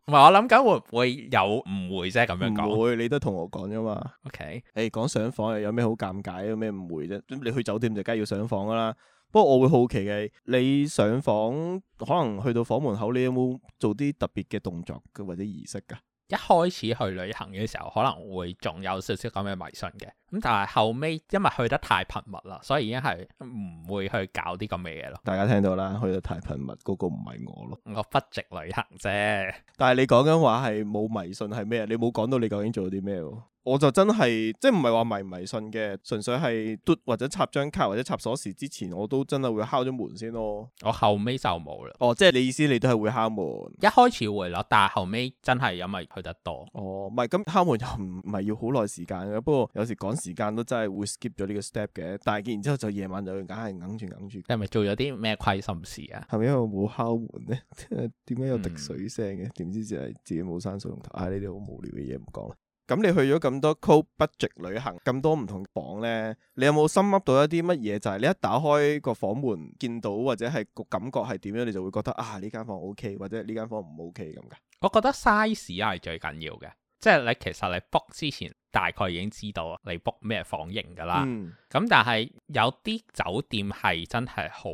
同埋我諗緊會唔會有誤會啫，咁樣講。唔會，你都同我講啫嘛。OK，誒、欸，講上房又有咩好尷尬，有咩誤會啫？你去酒店就梗係要上房噶啦。不過我會好奇嘅，你上房可能去到房門口，你有冇做啲特別嘅動作嘅或者儀式㗎？一開始去旅行嘅時候可能會仲有少少咁嘅迷信嘅，咁但係後尾因為去得太頻密啦，所以已經係唔會去搞啲咁嘅嘢咯。大家聽到啦，去得太頻密，嗰個唔係我咯。我不值旅行啫。但係你講緊話係冇迷信係咩？你冇講到你究竟做啲咩喎？我就真係即係唔係話迷唔迷信嘅，純粹係嘟，或者插張卡或者插鎖匙之前，我都真係會敲咗門先咯。我後尾就冇啦。哦，即係你意思，你都係會敲門。一開始會咯，但係後尾真係因為去得多。哦，唔係咁敲門又唔係要好耐時間嘅，不過有時趕時間都真係會 skip 咗呢個 step 嘅。但係然之後就夜晚就梗係硬住硬住。係咪做咗啲咩虧心事啊？係咪因為冇敲門咧？誒，點解有滴水聲嘅？點、嗯、知就係自己冇閂水龍頭。唉、哎，呢啲好無聊嘅嘢唔講。啊咁你去咗咁多 cope 不俗旅行，咁多唔同房咧，你有冇心吸到一啲乜嘢？就係、是、你一打開個房門見到或者係個感覺係點樣，你就會覺得啊呢間房 O K 或者呢間房唔 O K 咁噶？我覺得 size 係最緊要嘅，即係你其實你 book 之前大概已經知道你 book 咩房型噶啦。咁、嗯、但係有啲酒店係真係好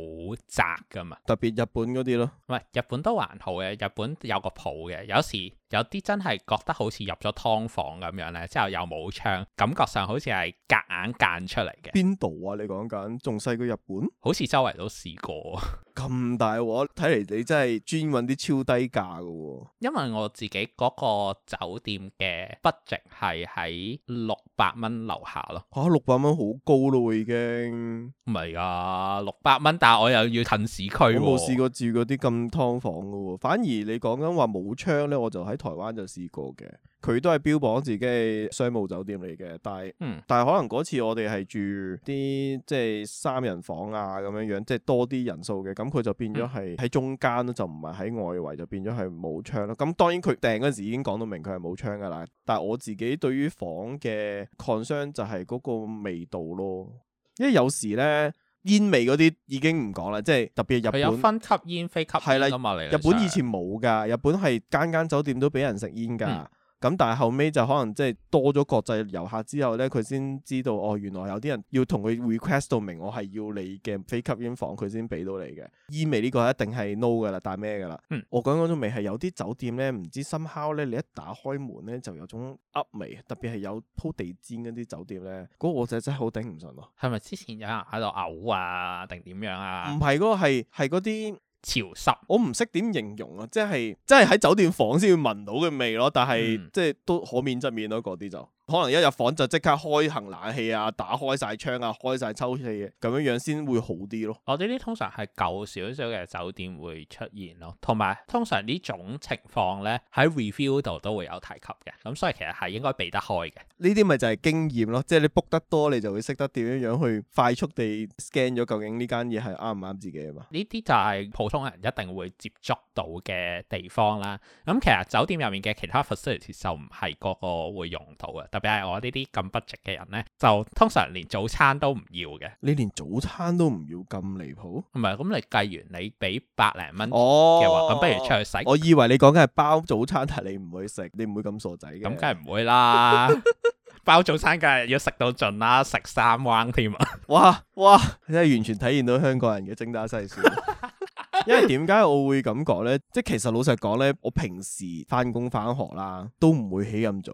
窄噶嘛，特別日本嗰啲咯。喂，日本都還好嘅，日本有個普嘅，有時。有啲真係覺得好似入咗劏房咁樣呢，之後又冇窗，感覺上好似係隔硬間出嚟嘅。邊度啊？你講緊仲細過日本？好似周圍都試過。咁大鑊，睇嚟你真係專揾啲超低價噶喎、哦。因為我自己嗰個酒店嘅 budget 係喺六百蚊樓下咯。嚇、啊，六百蚊好高咯、啊，已經。唔係啊，六百蚊，但係我又要近市區、哦。冇試過住嗰啲咁劏房噶喎、哦，反而你講緊話冇窗呢，我就喺。台灣就試過嘅，佢都係標榜自己係商務酒店嚟嘅，但係，嗯、但係可能嗰次我哋係住啲即係三人房啊咁樣樣，即係多啲人數嘅，咁佢就變咗係喺中間咯，就唔係喺外圍，就變咗係冇窗咯。咁當然佢訂嗰陣時已經講到明佢係冇窗噶啦，但係我自己對於房嘅 concern 就係嗰個味道咯，因為有時咧。煙味嗰啲已經唔講啦，即係特別日本係有分吸煙非吸煙啊，嚟。日本以前冇㗎，日本係間間酒店都俾人食煙㗎。嗯咁但係後尾就可能即係多咗國際遊客之後咧，佢先知道哦，原來有啲人要同佢 request 到明，我係要你嘅非吸煙房，佢先俾到你嘅。煙味呢個一定係 no 噶啦，帶咩噶啦？嗯，我講緊嗰種味係有啲酒店咧，唔知深烤咧，你一打開門咧就有種噏味，特別係有鋪地氈嗰啲酒店咧，嗰、嗰個就真係好頂唔順咯。係咪之前有人喺度嘔啊？定點樣啊？唔係嗰個係係嗰啲。潮濕，我唔識點形容啊，即係即係喺酒店房先會聞到嘅味咯，但係、嗯、即係都可免則免咯，嗰啲就。可能一入房就即刻開行冷氣啊，打開晒窗啊，開晒抽氣嘅，咁樣樣先會好啲咯。哦，呢啲通常係舊少少嘅酒店會出現咯，同埋通常呢種情況咧喺 review 度都會有提及嘅，咁、嗯、所以其實係應該避得開嘅。呢啲咪就係經驗咯，即係你 book 得多，你就會識得點樣樣去快速地 scan 咗究竟呢間嘢係啱唔啱自己啊嘛。呢啲就係普通人一定會接觸到嘅地方啦。咁、嗯、其實酒店入面嘅其他 facility 就唔係個個會用到嘅。特別係我呢啲咁不值嘅人呢，就通常連早餐都唔要嘅。你連早餐都唔要咁離譜？唔係，咁你計完你俾百零蚊哦，嘅話，咁不如出去洗。我以為你講緊係包早餐，但你唔會食，你唔會咁傻仔嘅。咁梗係唔會啦， *laughs* 包早餐梗係要食到盡啦，食三彎添啊！哇哇，你真係完全體現到香港人嘅精打細算。 *laughs* 因為點解我會咁講呢？即係其實老實講呢，我平時返工返學啦，都唔會起咁早。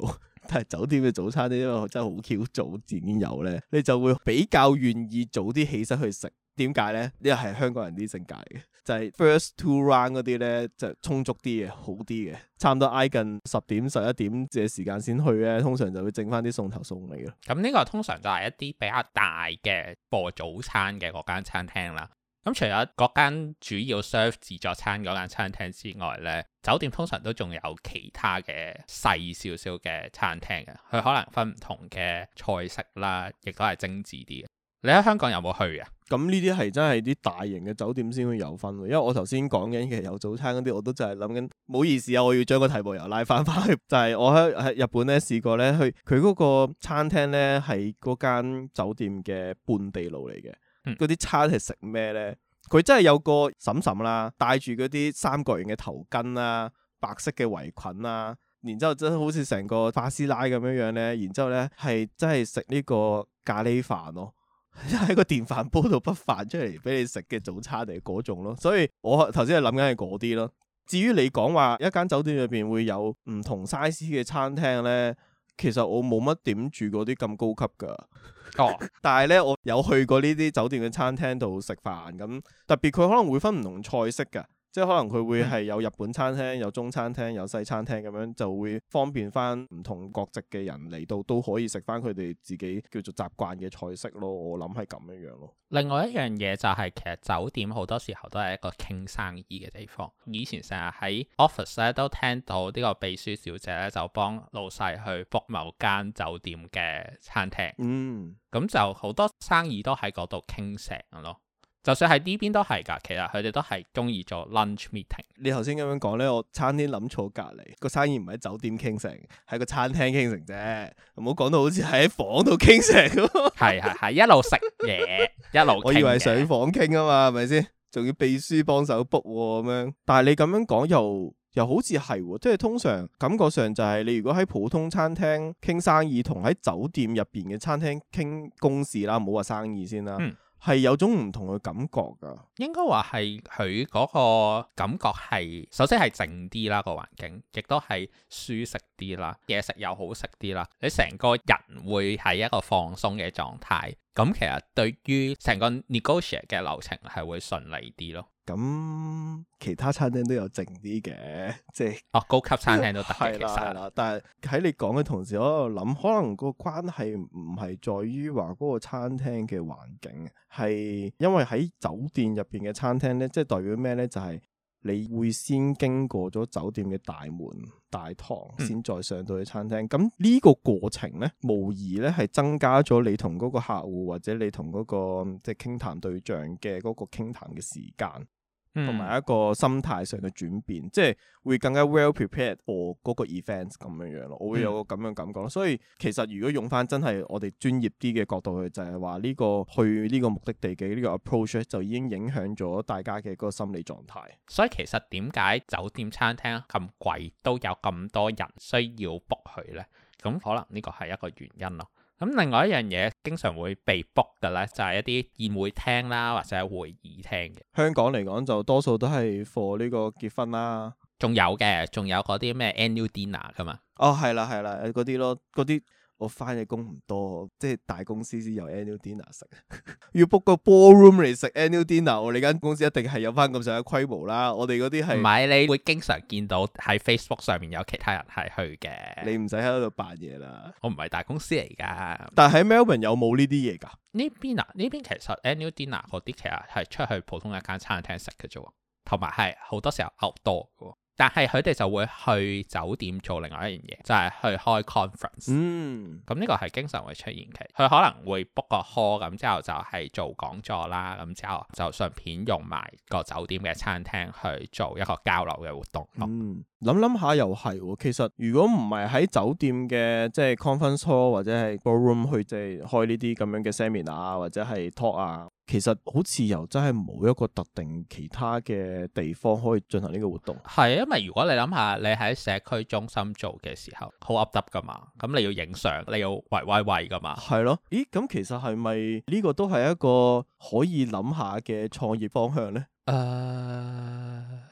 係酒店嘅早餐呢，因為真係好巧早已經有咧，你就會比較願意早啲起身去食。點解咧？呢個係香港人啲性格，就係、是、first to run 嗰啲咧，就是、充足啲嘅，好啲嘅。差唔多挨近十點、十一點嘅時間先去咧，通常就會剩翻啲送頭送尾咯。咁呢個通常就係一啲比較大嘅播早餐嘅嗰間餐廳啦。咁除咗嗰間主要 serve 自助餐嗰間餐廳之外呢，酒店通常都仲有其他嘅細少少嘅餐廳嘅，佢可能分唔同嘅菜式啦，亦都係精緻啲。你喺香港有冇去啊？咁呢啲係真係啲大型嘅酒店先會有分，因為我頭先講緊嘅有早餐嗰啲，我都就係諗緊，唔好意思啊！我要將個題目又拉翻翻去，就係、是、我喺喺日本呢試過呢，去佢嗰個餐廳呢係嗰間酒店嘅半地牢嚟嘅。嗰啲餐係食咩呢？佢真係有個嬸嬸啦，戴住嗰啲三角形嘅頭巾啦、啊，白色嘅圍裙啦、啊，然之後真係好似成個法師奶咁樣樣呢。然之後咧係真係食呢個咖喱飯咯、啊，喺 *laughs* 個電飯煲度不飯出嚟俾你食嘅早餐嚟嗰種咯。所以我頭先係諗緊係嗰啲咯。至於你講話一間酒店裏邊會有唔同 size 嘅餐廳呢。其實我冇乜點住嗰啲咁高級㗎、 *laughs* 哦，但係咧我有去過呢啲酒店嘅餐廳度食飯，噉特別佢可能會分唔同菜式㗎。即係可能佢會係有日本餐廳、嗯、有中餐廳、有西餐廳咁樣，就會方便翻唔同國籍嘅人嚟到都可以食翻佢哋自己叫做習慣嘅菜式咯。我諗係咁樣樣咯。另外一樣嘢就係、是、其實酒店好多時候都係一個傾生意嘅地方。以前成日喺 office 咧都聽到呢個秘書小姐咧就幫老細去 book 某間酒店嘅餐廳。嗯，咁就好多生意都喺嗰度傾成咯。就算喺呢邊都係噶，其實佢哋都係中意做 lunch meeting。你頭先咁樣講咧，我差啲諗錯隔籬個生意唔喺酒店傾成，喺個餐廳傾成啫。唔好講到好似喺房度傾成咁。係係係，一路食嘢一路。 *laughs* 我以為上房傾啊嘛，係咪先？仲要秘書幫手 book 咁樣。但係你咁樣講又又好似係，即係通常感覺上就係你如果喺普通餐廳傾生意，同喺酒店入邊嘅餐廳傾公事啦，唔好話生意先啦。嗯係有種唔同嘅感覺㗎，應該話係佢嗰個感覺係，首先係靜啲啦，這個環境，亦都係舒適啲啦，嘢食又好食啲啦，你成個人會喺一個放鬆嘅狀態，咁其實對於成個 negotiate 嘅流程係會順利啲咯。咁其他餐廳都有靜啲嘅，即係哦高級餐廳都得嘅， *laughs* 係啦，其實係啦，係啦，但係喺你講嘅同時，我喺度諗，可能個關係唔係在於話嗰個餐廳嘅環境，係因為喺酒店入邊嘅餐廳咧，即係代表咩咧？就係。你會先經過咗酒店嘅大門大堂，先再上到去餐廳。咁呢、嗯、個過程咧，無疑咧係增加咗你同嗰個客戶或者你同嗰、嗰個即係傾談，談對象嘅嗰個傾談嘅時間。同埋一個心態上嘅轉變，即係會更加 well prepared for 嗰個 events 咁樣樣咯，我會有個咁樣感覺。嗯、所以其實如果用翻真係我哋專業啲嘅角度去，就係話呢個去呢個目的地嘅呢、這個 approach 就已經影響咗大家嘅嗰個心理狀態。所以其實點解酒店餐廳咁貴都有咁多人需要 book 佢呢？咁可能呢個係一個原因咯。咁另外一樣嘢經常會被 book 嘅咧，就係一啲宴會廳啦，或者係會議廳嘅。香港嚟講就多數都係 for 呢個結婚啦，仲有嘅，仲有嗰啲咩 annual dinner 噶嘛。哦，係啦，係啦，嗰啲咯，嗰啲。我翻嘅工唔多，即係大公司先有 annual dinner 食， *laughs* 要 book 個 ballroom 嚟食 annual dinner。我哋間公司一定係有翻咁上下規模啦。我哋嗰啲係唔係？你會經常見到喺 Facebook 上面有其他人係去嘅。你唔使喺度扮嘢啦。我唔係大公司嚟噶。但係 Melbourne 有冇呢啲嘢噶？呢邊啊，呢邊其實 annual dinner 嗰啲其實係出去普通一間餐廳食嘅啫喎，同埋係好多時候 outdoor。但係佢哋就會去酒店做另外一樣嘢，就係、是、去開 conference。嗯，咁呢、嗯這個係經常會出現嘅，佢可能會 book 個 hall，咁之後就係做講座啦，咁之後就順便用埋個酒店嘅餐廳去做一個交流嘅活動。嗯。諗諗下又係、哦，其實如果唔係喺酒店嘅，即係 conference hall 或者係 ballroom 去即係開呢啲咁樣嘅 seminar 啊，或者係 talk 啊，其實好似又真係冇一個特定其他嘅地方可以進行呢個活動。係，因為如果你諗下，你喺社區中心做嘅時候，好 up up 噶嘛，咁你要影相，你要喂喂喂噶嘛。係咯，咦，咁其實係咪呢個都係一個可以諗下嘅創業方向咧？誒、uh。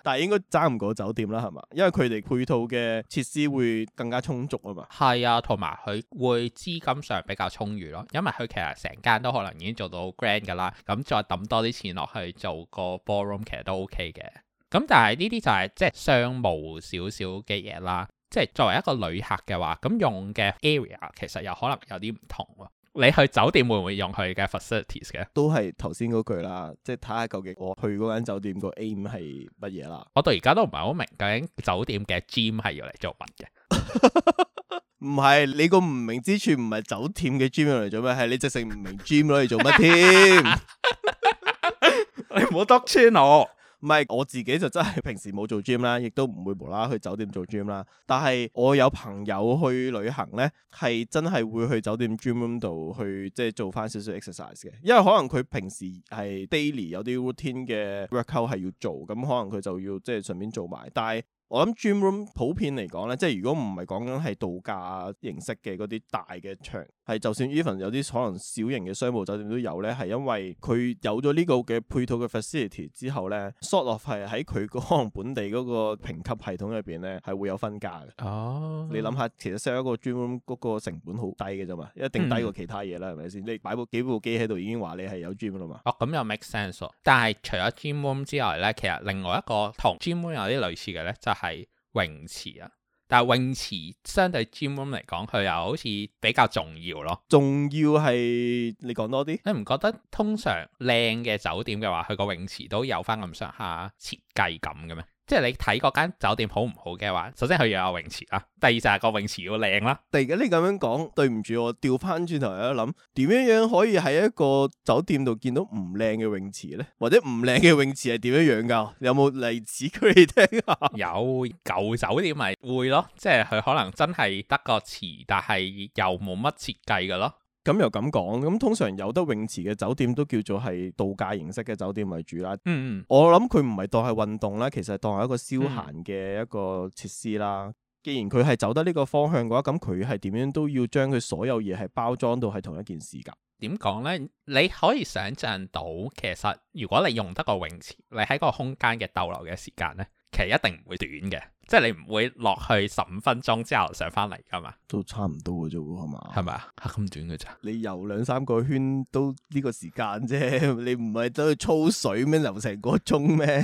係應該爭唔過酒店啦，係嘛？因為佢哋配套嘅設施會更加充足啊嘛。係啊，同埋佢會資金上比較充裕咯。因為佢其實成間都可能已經做到 grand 噶啦，咁再揼多啲錢落去做個 ballroom 其實都 OK 嘅。咁但係呢啲就係、是、即係商務少少嘅嘢啦。即係作為一個旅客嘅話，咁用嘅 area 其實又可能有啲唔同喎。你去酒店會唔會用佢嘅 facilities 嘅？都係頭先嗰句啦，即係睇下究竟我去嗰間酒店個 aim 係乜嘢啦。我到而家都唔係好明究竟酒店嘅 gym 係用嚟做乜嘅？唔係 *laughs* 你個唔明之處，唔係酒店嘅 gym 用嚟做咩？係你直情唔明 gym 攞嚟做乜添？你唔好篤穿我。唔係，我自己就真係平時冇做 gym 啦，亦都唔會無啦去酒店做 gym 啦。但係我有朋友去旅行咧，係真係會去酒店 gym room 度去即係做翻少少 exercise 嘅。因為可能佢平時係 daily 有啲 routine 嘅 workout 係要做，咁可能佢就要即係順便做埋。但係我諗 gym room 普遍嚟講咧，即係如果唔係講緊係度假形式嘅嗰啲大嘅場。係，就算 even 有啲可能小型嘅商務酒店都有咧，係因為佢有咗呢個嘅配套嘅 facility 之後咧 s o r t off 喺佢可能本地嗰個評級系統入邊咧係會有分價嘅。哦，你諗下，其實 sell 一個 gym room 嗰個成本好低嘅啫嘛，一定低過其他嘢啦，係咪先？你擺部幾部機喺度已經話你係有 gym 啦嘛。哦，咁又 make sense 但係除咗 gym room 之外咧，其實另外一個同 gym room 有啲類似嘅咧，就係泳池啊。但係泳池相對 gym room 嚟講，佢又好似比較重要咯。重要係你講多啲，你唔覺得通常靚嘅酒店嘅話，佢個泳池都有翻咁上下設計感嘅咩？即係你睇嗰間酒店好唔好嘅話，首先佢要有個泳池啦，第二就係個泳池要靚啦。但係而家你咁樣講，對唔住我調翻轉頭喺度諗，點樣樣可以喺一個酒店度見到唔靚嘅泳池咧？或者唔靚嘅泳池係點樣樣噶有冇例子佢哋聽啊？有舊酒店咪會咯，即係佢可能真係得個池，但係又冇乜設計噶咯。咁又咁講，咁通常有得泳池嘅酒店都叫做係度假形式嘅酒店為主啦。嗯嗯，我諗佢唔係當係運動啦，其實是當係一個消閒嘅一個設施啦。嗯、既然佢係走得呢個方向嘅話，咁佢係點樣都要將佢所有嘢係包裝到係同一件事噶。點講咧？你可以想象到，其實如果你用得個泳池，你喺個空間嘅逗留嘅時間咧。其實一定唔會短嘅，即係你唔會落去十五分鐘之後上翻嚟噶嘛？都差唔多嘅啫，係嘛？係咪啊？係咁短嘅咋？你游兩三個圈都呢個時間啫。你唔係走去操水咩？游成個鐘咩？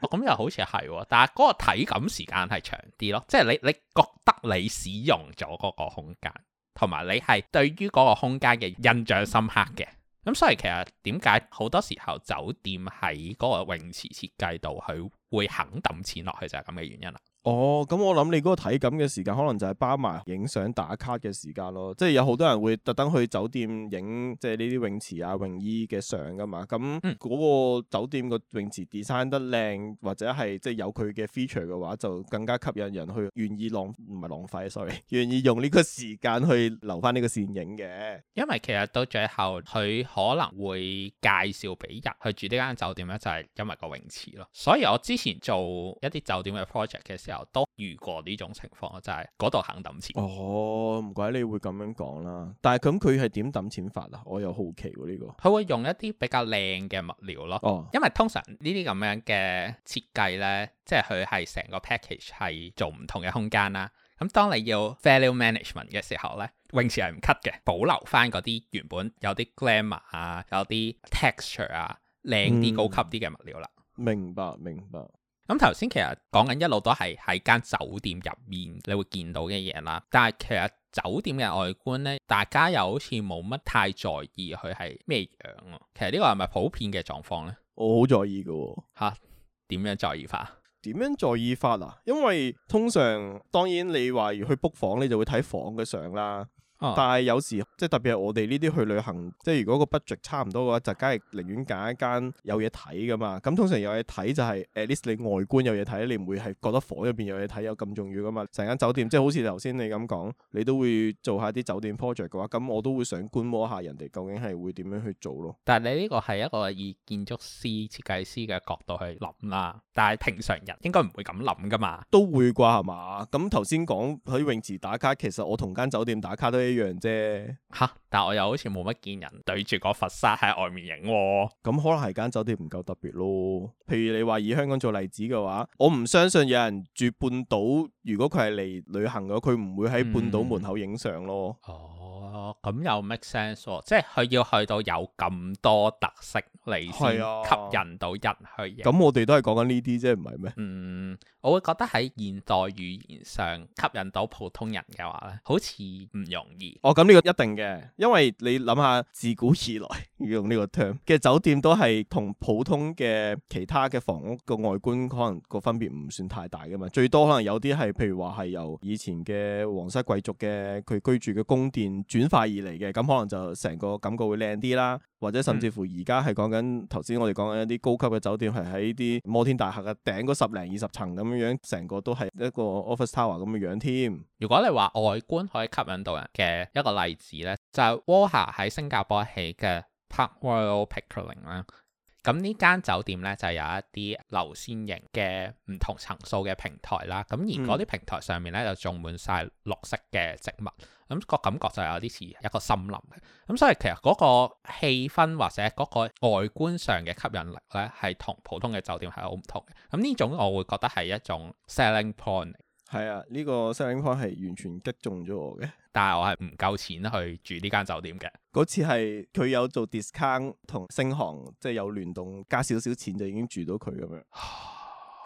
咁、 *laughs* 哦、又好似係、哦，但係嗰個體感時間係長啲咯。即係你你覺得你使用咗嗰個空間，同埋你係對於嗰個空間嘅印象深刻嘅。咁所以其實點解好多時候酒店喺嗰個泳池設計度去？會肯抌錢落去就係咁嘅原因啦。哦，咁我諗你嗰個體感嘅時間可能就係包埋影相打卡嘅時間咯，即係有好多人會特登去酒店影即係呢啲泳池啊泳衣嘅相噶嘛，咁嗰個酒店個泳池 design 得靚或者係即係有佢嘅 feature 嘅話，就更加吸引人去願意浪唔係浪費，所以願意用呢個時間去留翻呢個倩影嘅。因為其實到最後佢可能會介紹俾人去住呢間酒店咧，就係、是、因為個泳池咯。所以我之前做一啲酒店嘅 project 嘅時候。又多遇過呢種情況，就係嗰度肯抌錢。哦，唔怪你會咁樣講啦。但係咁佢係點抌錢法有啊？我又好奇喎呢個。佢會用一啲比較靚嘅物料咯。哦。因為通常這這呢啲咁樣嘅設計咧，即係佢係成個 package 係做唔同嘅空間啦。咁當你要 value management 嘅時候咧，泳池係唔 cut 嘅，保留翻嗰啲原本有啲 glamour 啊，有啲 texture 啊，靚啲高級啲嘅物料啦、嗯。明白，明白。咁頭先其實講緊一路都係喺間酒店入面，你會見到嘅嘢啦。但係其實酒店嘅外觀咧，大家又好似冇乜太在意佢係咩樣喎、啊。其實呢個係咪普遍嘅狀況咧？我好在意㗎喎、哦，吓？點樣在意法？點樣在意法啊？因為通常當然你話去 book 房，你就會睇房嘅相啦。哦、但係有時即係特別係我哋呢啲去旅行，即係如果個 budget 差唔多嘅話，就梗係寧願揀一間有嘢睇噶嘛。咁通常有嘢睇就係 at least 你外觀有嘢睇，你唔會係覺得房入邊有嘢睇有咁重要噶嘛。成間酒店即係好似頭先你咁講，你都會做下啲酒店 project 嘅話，咁我都會想觀摩下人哋究竟係會點樣去做咯。但係你呢個係一個以建築師、設計師嘅角度去諗啦。但係平常人應該唔會咁諗噶嘛，都會啩，係嘛？咁頭先講喺泳池打卡，其實我同間酒店打卡都一樣啫。吓。但我又好似冇乜見人，對住個佛山喺外面影，咁可能係間酒店唔夠特別咯。譬如你話以香港做例子嘅話，我唔相信有人住半島，如果佢係嚟旅行嘅話，佢唔會喺半島門口影相咯。嗯。哦，咁又 make sense，即係佢要去到有咁多特色嚟吸引到人去影。咁我哋都係講緊呢啲啫，唔係咩？嗯，我會覺得喺現代語言上吸引到普通人嘅話咧，好似唔容易。哦，咁呢個一定嘅。因為你諗下，自古以來用呢個 term 嘅酒店都係同普通嘅其他嘅房屋個外觀可能個分別唔算太大㗎嘛，最多可能有啲係譬如話係由以前嘅皇室貴族嘅佢居住嘅宮殿轉化而嚟嘅，咁可能就成個感覺會靚啲啦，或者甚至乎而家係講緊頭先我哋講緊一啲高級嘅酒店係喺啲摩天大廈嘅頂嗰十零二十層咁樣樣，成個都係一個 office tower 咁嘅樣添。如果你話外觀可以吸引到人嘅一個例子咧，WOHA 喺新加坡起嘅 Park Royal Pickering 啦，咁呢間酒店咧就有一啲流線型嘅唔同層數嘅平台啦，咁而嗰啲平台上面咧就種滿晒綠色嘅植物，咁個感覺就有啲似一個森林嘅，咁所以其實嗰個氣氛或者嗰個外觀上嘅吸引力咧係同普通嘅酒店係好唔同嘅，咁呢種我會覺得係一種 selling point。係啊，呢個 Selling Point 係完全擊中咗我嘅。但係我係唔夠錢去住呢間酒店嘅。嗰 *laughs* 次係佢有做 discount 同星航，即係有聯動，加少少錢就已經住到佢咁 *laughs* 樣。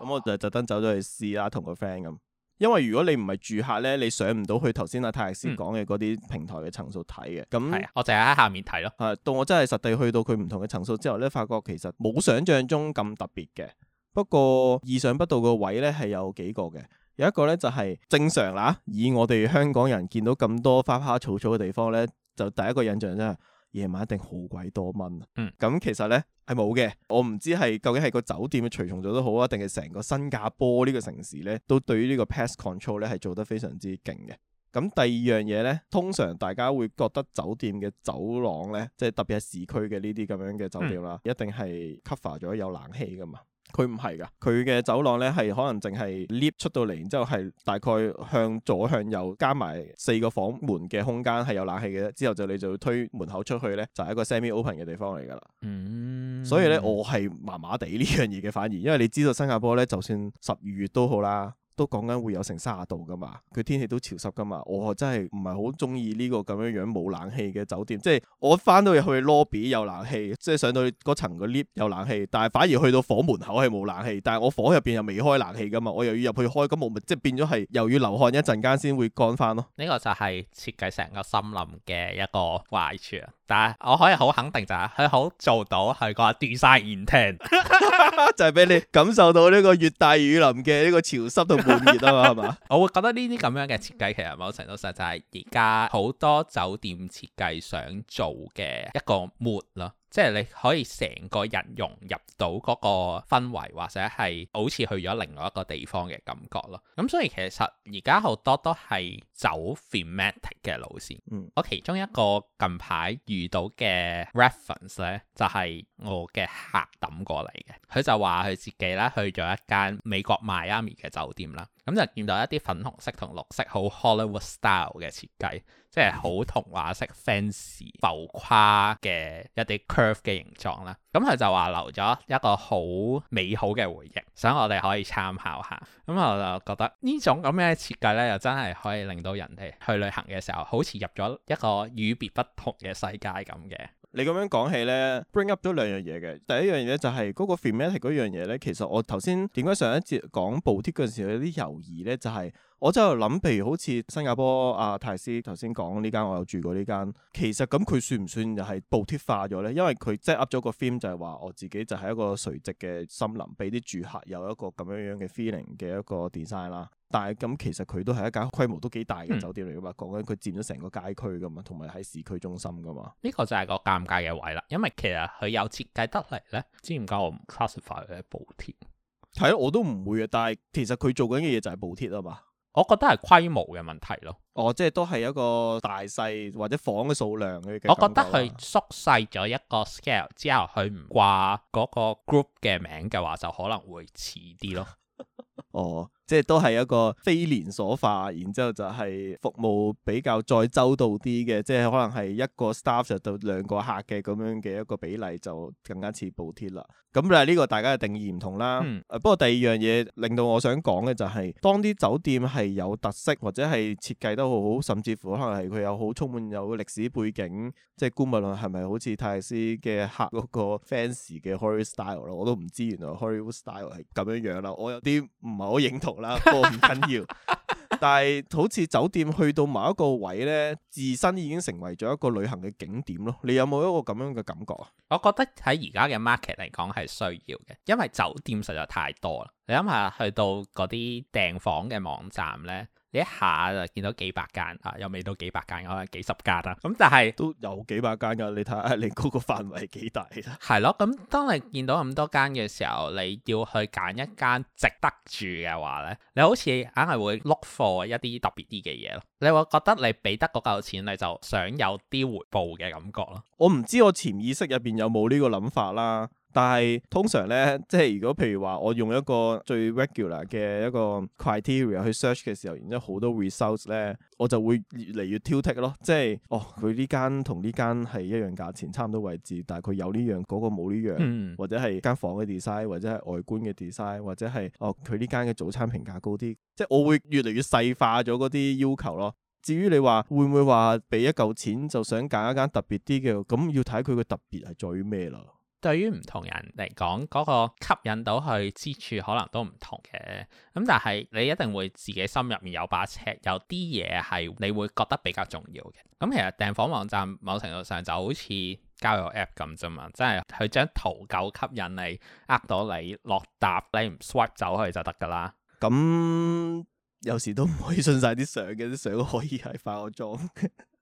咁我就特登走咗去試啦，同個 friend 咁。因為如果你唔係住客咧，你上唔到去頭先阿泰迪斯講嘅嗰啲平台嘅層數睇嘅。咁、嗯、那我淨係喺下面睇咯。啊，到我真係實地去到佢唔同嘅層數之後咧，發覺其實冇想象中咁特別嘅。不過意想不到嘅位咧係有幾個嘅。有一個咧就係、是、正常啦，以我哋香港人見到咁多花花草草嘅地方咧，就第一個印象真係夜晚一定好鬼多蚊、啊。嗯，咁其實咧係冇嘅，我唔知係究竟係個酒店嘅除蟲做得好啊，定係成個新加坡呢個城市咧都對於呢個 pest control 咧係做得非常之勁嘅。咁第二樣嘢咧，通常大家會覺得酒店嘅走廊咧，即係特別係市區嘅呢啲咁樣嘅酒店啦，嗯、一定係 cover 咗有冷氣㗎嘛。佢唔係噶，佢嘅走廊咧係可能淨係 lift 出到嚟，然之後係大概向左向右加埋四個房門嘅空間係有冷氣嘅，之後就你就要推門口出去咧就係一個 semi open 嘅地方嚟㗎啦。嗯、所以咧我係麻麻地呢樣嘢嘅，反而因為你知道新加坡咧，就算十二月都好啦。都講緊會有成三十度噶嘛，佢天氣都潮濕噶嘛，我真係唔係好中意呢個咁樣樣冇冷氣嘅酒店。即係我翻到入去 lobby 有冷氣，即係上到去嗰層個 lift 有冷氣，但係反而去到房門口係冇冷氣。但係我房入邊又未開冷氣噶嘛，我又要入去開，咁我咪即係變咗係又要流汗一陣間先會乾翻咯。呢個就係設計成個森林嘅一個壞處。但係我可以好肯定就係佢好做到係個 design intent， *laughs* *laughs* 就係俾你感受到呢個熱帶雨林嘅呢個潮濕同。 *laughs* 滿意啊嘛，係嘛？我會覺得呢啲咁樣嘅設計，其實某程度上就係而家好多酒店設計想做嘅一個 mood 啦。即係你可以成個人融入到嗰個氛圍，或者係好似去咗另外一個地方嘅感覺咯。咁所以其實而家好多都係走 f e m a t i c 嘅路線。嗯、我其中一個近排遇到嘅 reference 咧，就係我嘅客抌過嚟嘅，佢就話佢自己咧去咗一間美國 Miami 嘅酒店啦，咁就見到一啲粉紅色同綠色好 Hollywood style 嘅設計。即係好童話式、fans、浮誇嘅一啲 curve 嘅形狀啦，咁、嗯、佢就話留咗一個好美好嘅回憶，想我哋可以參考下。咁、嗯、我就覺得這種這呢種咁嘅設計咧，又真係可以令到人哋去旅行嘅時候，好似入咗一個與別不同嘅世界咁嘅。你咁樣講起咧，bring up 咗兩樣嘢嘅。第一樣嘢就係、是、嗰、那個 familiar 嗰樣嘢咧，其實我頭先點解上一節講補貼嗰陣時有啲猶豫咧，就係、是。我就諗，譬如好似新加坡阿、啊、泰斯頭先講呢間，我有住過呢間。其實咁佢算唔算就係補貼化咗咧？因為佢即係 up 咗個 theme，就係話我自己就係一個垂直嘅森林，俾啲住客有一個咁樣樣嘅 feeling 嘅一個 design 啦。但係咁其實佢都係一間規模都幾大嘅酒店嚟噶嘛，講緊佢佔咗成個街區噶嘛，同埋喺市區中心噶嘛。呢個就係個尷尬嘅位啦，因為其實佢有設計得嚟咧，知唔知我唔 classify 佢補貼？係啊、嗯，我都唔會啊，但係其實佢做緊嘅嘢就係補貼啊嘛。我覺得係規模嘅問題咯，哦，即係都係一個大細或者房嘅數量嘅。我覺得佢縮細咗一個 scale 之後，佢唔掛嗰個 group 嘅名嘅話，就可能會遲啲咯。 *laughs* 哦，即係都係一個非連鎖化，然之後就係服務比較再周到啲嘅，即係可能係一個 staff 就到兩個客嘅咁樣嘅一個比例就更加似 boutique 啦。咁但係呢個大家嘅定義唔同啦，啊。不過第二樣嘢令到我想講嘅就係，是，當啲酒店係有特色或者係設計得好好，甚至乎可能係佢有好充滿有歷史背景，即係姑勿論係咪好似泰斯嘅客嗰個 fans 嘅 Harry Style 咯？我都唔知原來 Harry Style 係咁樣樣啦，我有啲。唔係好認同啦，不過唔緊要。 *laughs* 但係好似酒店去到某一個位呢，自身已經成為咗一個旅行嘅景點咯。你有冇一個咁樣嘅感覺啊？ *laughs* 我覺得喺而家嘅 market 嚟講係需要嘅，因為酒店實在太多啦。你諗下，去到嗰啲訂房嘅網站呢。一下就見到幾百間啊，又未到幾百間，可能幾十間啦。咁、嗯、但係都有幾百間噶，你睇下、啊、你嗰個範圍幾大啦。係 *laughs* 咯，咁當你見到咁多間嘅時候，你要去揀一間值得住嘅話呢，你好似硬係會 look 貨一啲特別啲嘅嘢咯。你話覺得你俾得嗰嚿錢，你就想有啲回報嘅感覺咯。我唔知我潛意識入邊有冇呢個諗法啦。但係通常咧，即係如果譬如話我用一個最 regular 嘅一個 criteria 去 search 嘅時候，然之後好多 results 咧，我就會越嚟越挑剔咯。即係哦，佢呢間同呢間係一樣價錢，差唔多位置，但係佢有呢樣嗰個冇呢樣，那個樣嗯、或者係間房嘅 design，或者係外觀嘅 design，或者係哦佢呢間嘅早餐評價高啲，即係我會越嚟越細化咗嗰啲要求咯。至於你話會唔會話俾一嚿錢就想揀一間特別啲嘅，咁要睇佢嘅特別係在於咩啦？對於唔同人嚟講，嗰個吸引到佢之處可能都唔同嘅。咁但係你一定會自己心入面有把尺，有啲嘢係你會覺得比較重要嘅。咁其實訂房網站某程度上就好似交友 App 咁啫嘛，即係佢將圖夠吸引你，呃到你落搭你唔 swipe 走佢就得噶啦。咁有時都唔可以信晒啲相嘅，啲相可以係化個妝。 *laughs*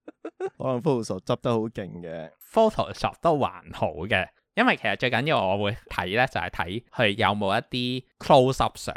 *laughs* 可能 Photoshop 執得好勁嘅，Photoshop 都還好嘅。因為其實最緊要我會睇咧，就係睇佢有冇一啲 close, close up 相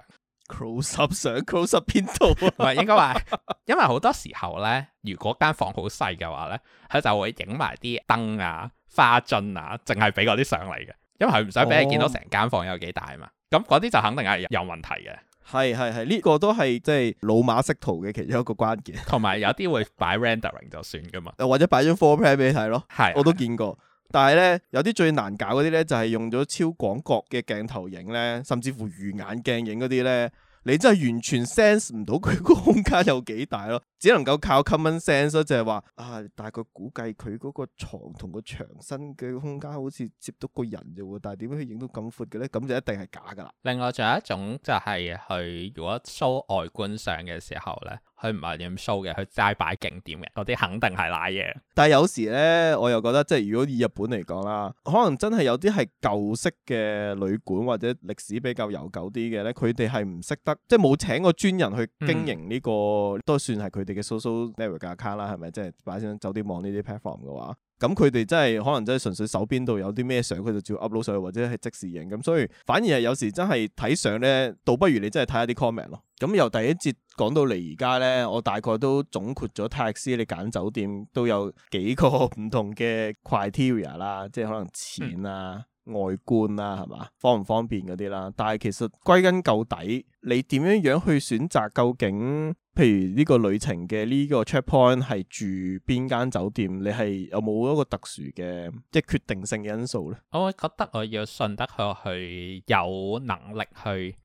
，close up 相，close up 邊度啊？唔 *laughs* 係應該話，因為好多時候咧，如果間房好細嘅話咧，佢就會影埋啲燈啊、花樽啊，淨係俾嗰啲相嚟嘅，因為佢唔想俾你見到成間房有幾大嘛。咁嗰啲就肯定係有問題嘅。係係係，呢、呢個都係即係老馬識途嘅其中一個關鍵。同 *laughs* 埋有啲會擺 rendering 就算噶嘛，又或者擺張 floor plan 俾你睇咯。係，啊、我都見過。但係咧，有啲最難搞嗰啲咧，就係用咗超廣角嘅鏡頭影咧，甚至乎魚眼鏡影嗰啲咧，你真係完全 sense 唔到佢個空間有幾大咯，只能夠靠 common sense，就係話啊，大概估計佢嗰個床同個牆身嘅空間好似接到個人咋喎，但係點樣去影到咁闊嘅咧？咁就一定係假噶啦。另外仲有一種就係去如果 show 外觀相嘅時候咧。佢唔係咁 show 嘅，佢齋擺景點嘅，嗰啲肯定係瀨嘢。但係有時咧，我又覺得即係如果以日本嚟講啦，可能真係有啲係舊式嘅旅館或者歷史比較悠久啲嘅咧，佢哋係唔識得，即係冇請個專人去經營呢、這個，嗯、都算係佢哋嘅 social network account 啦，係咪？即係擺上酒店網呢啲 platform 嘅話。咁佢哋真係可能真係純粹手邊度有啲咩相，佢就照 upload 上去或者係即時影咁，所以反而係有時真係睇相咧，倒不如你真係睇一啲 comment 咯。咁、嗯、由第一節講到嚟而家咧，我大概都總括咗 tax，你揀酒店都有幾個唔同嘅 criteria 啦，即係可能錢啊。嗯外觀啦，係嘛？方唔方便嗰啲啦，但係其實歸根究底，你點樣樣去選擇，究竟譬如呢個旅程嘅呢個 checkpoint 係住邊間酒店，你係有冇一個特殊嘅即係決定性嘅因素咧？我覺得我要信得佢去，有能力去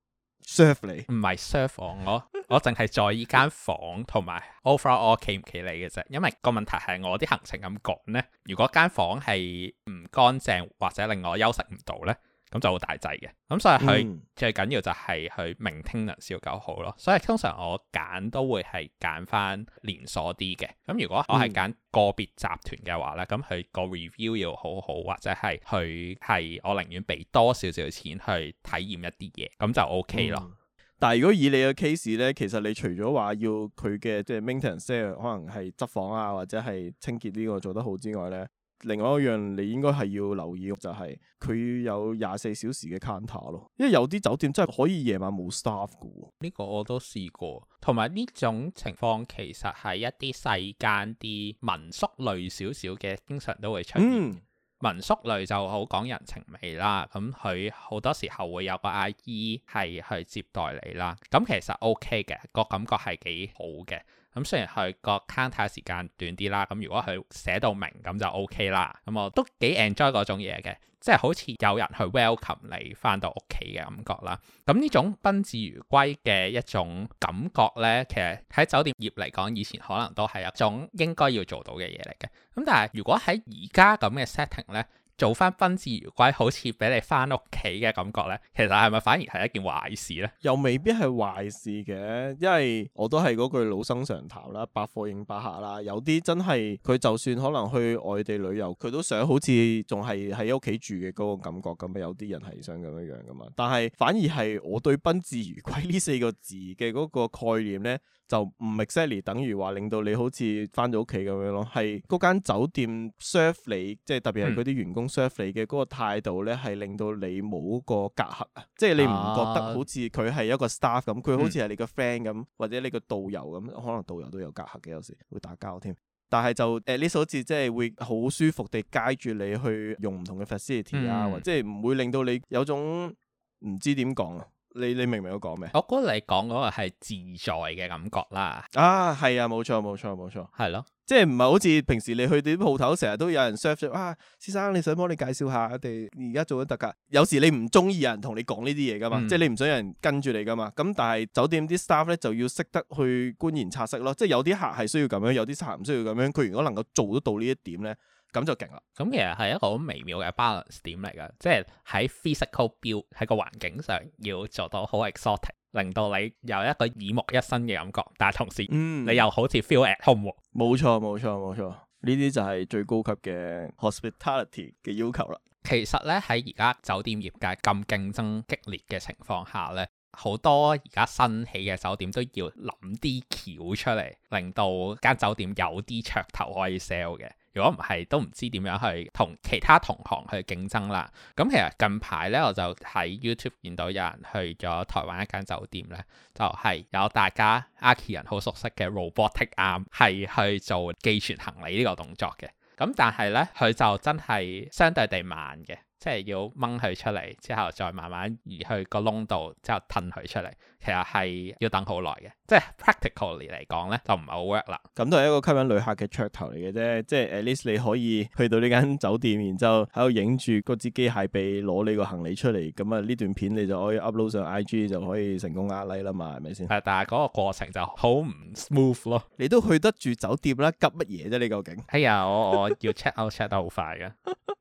serve 你，唔係 serve 我。我 *laughs* 我淨係在意間房同埋 overall 企唔企嚟嘅啫，因為個問題係我啲行程咁趕呢，如果間房係唔乾淨或者令我休息唔到呢，咁就好大劑嘅。咁所以佢、嗯、最緊要就係佢明聽能少夠好咯。所以通常我揀都會係揀翻連鎖啲嘅。咁如果我係揀個別集團嘅話呢，咁佢個 review 要好好或者係佢係我寧願俾多少少錢去體驗一啲嘢，咁就 OK 咯。嗯但係如果以你嘅 case 咧，其實你除咗話要佢嘅，即係 maintenance，可能係執房啊，或者係清潔呢個做得好之外咧，另外一樣你應該係要留意就係、是、佢有廿四小時嘅 counter 咯，因為有啲酒店真係可以夜晚冇 staff 噶喎。呢個我都試過，同埋呢種情況其實係一啲細間啲民宿類少少嘅，經常都會出現。嗯民宿類就好講人情味啦，咁佢好多時候會有個阿姨係去接待你啦，咁其實 OK 嘅，個感覺係幾好嘅，咁雖然佢個 check in 時間短啲啦，咁如果佢寫到明咁就 OK 啦，咁我都幾 enjoy 嗰種嘢嘅。即係好似有人去 welcome 你翻到屋企嘅感覺啦，咁呢種賓至如歸嘅一種感覺呢，其實喺酒店業嚟講，以前可能都係一種應該要做到嘅嘢嚟嘅。咁但係如果喺而家咁嘅 setting 呢？做翻賓至如歸，好似俾你翻屋企嘅感覺咧，其實係咪反而係一件壞事咧？又未必係壞事嘅，因為我都係嗰句老生常談啦，百貨應百客啦。有啲真係佢就算可能去外地旅遊，佢都想好似仲係喺屋企住嘅嗰個感覺咁啊。有啲人係想咁樣樣噶嘛。但係反而係我對賓至如歸呢四個字嘅嗰個概念咧。就唔 exactly 等於話令到你好似翻咗屋企咁樣咯，係嗰間酒店 serve 你，即係特別係嗰啲員工 serve 你嘅嗰、嗯、個態度咧，係令到你冇個隔閡啊，即係你唔覺得好似佢係一個 staff 咁，佢、啊、好似係你個 friend 咁，或者你個導遊咁，可能導遊都有隔閡嘅，有時會打交添。但係就誒呢，首字即係會好舒服地街住你去用唔同嘅 facility 啊，嗯、或者唔會令到你有種唔知點講啊。你你明唔明我講咩？我覺得你講嗰個係自在嘅感覺啦。啊，係啊，冇錯冇錯冇錯，係咯，即係唔係好似平時你去啲鋪頭，成日都有人 serve 咗、啊。先生你想幫你介紹下我哋而家做緊特價。有時你唔中意有人同你講呢啲嘢噶嘛，嗯、即係你唔想有人跟住你噶嘛。咁但係酒店啲 staff 咧就要識得去觀言察色咯，即係有啲客係需要咁樣，有啲客唔需要咁樣。佢如果能夠做得到呢一點咧。咁就勁啦！咁其實係一個好微妙嘅 balance 點嚟嘅，即係喺 physical build 喺個環境上要做到好 exotic 令到你有一個耳目一新嘅感覺，但係同時，嗯，你又好似 feel at home。冇錯，冇錯，冇錯，呢啲就係最高級嘅 hospitality 嘅要求啦。其實咧喺而家酒店業界咁競爭激烈嘅情況下咧，好多而家新起嘅酒店都要諗啲橋出嚟，令到間酒店有啲噱頭可以 sell 嘅。如果唔係，都唔知點樣去同其他同行去競爭啦。咁其實近排呢，我就喺 YouTube 見到有人去咗台灣一間酒店呢就係、是、有大家 Archi 人好熟悉嘅 robotic arm，係去做寄存行李呢個動作嘅。咁但係呢，佢就真係相對地慢嘅。即係要掹佢出嚟，之後再慢慢移去個窿度，之後吞佢出嚟。其實係要等好耐嘅，即係 practically 嚟講咧，就唔係好 work 啦。咁都係一個吸引旅客嘅噱頭嚟嘅啫。即係 at least 你可以去到呢間酒店，然之後喺度影住嗰支機械臂攞你個行李出嚟。咁啊呢段片你就可以 upload 上 IG 就可以成功壓 like 啦嘛，係咪先？係，但係嗰個過程就好唔 smooth 咯。你都去得住酒店啦，急乜嘢啫？你究竟？哎呀，我我要 check out *laughs* check 得好快嘅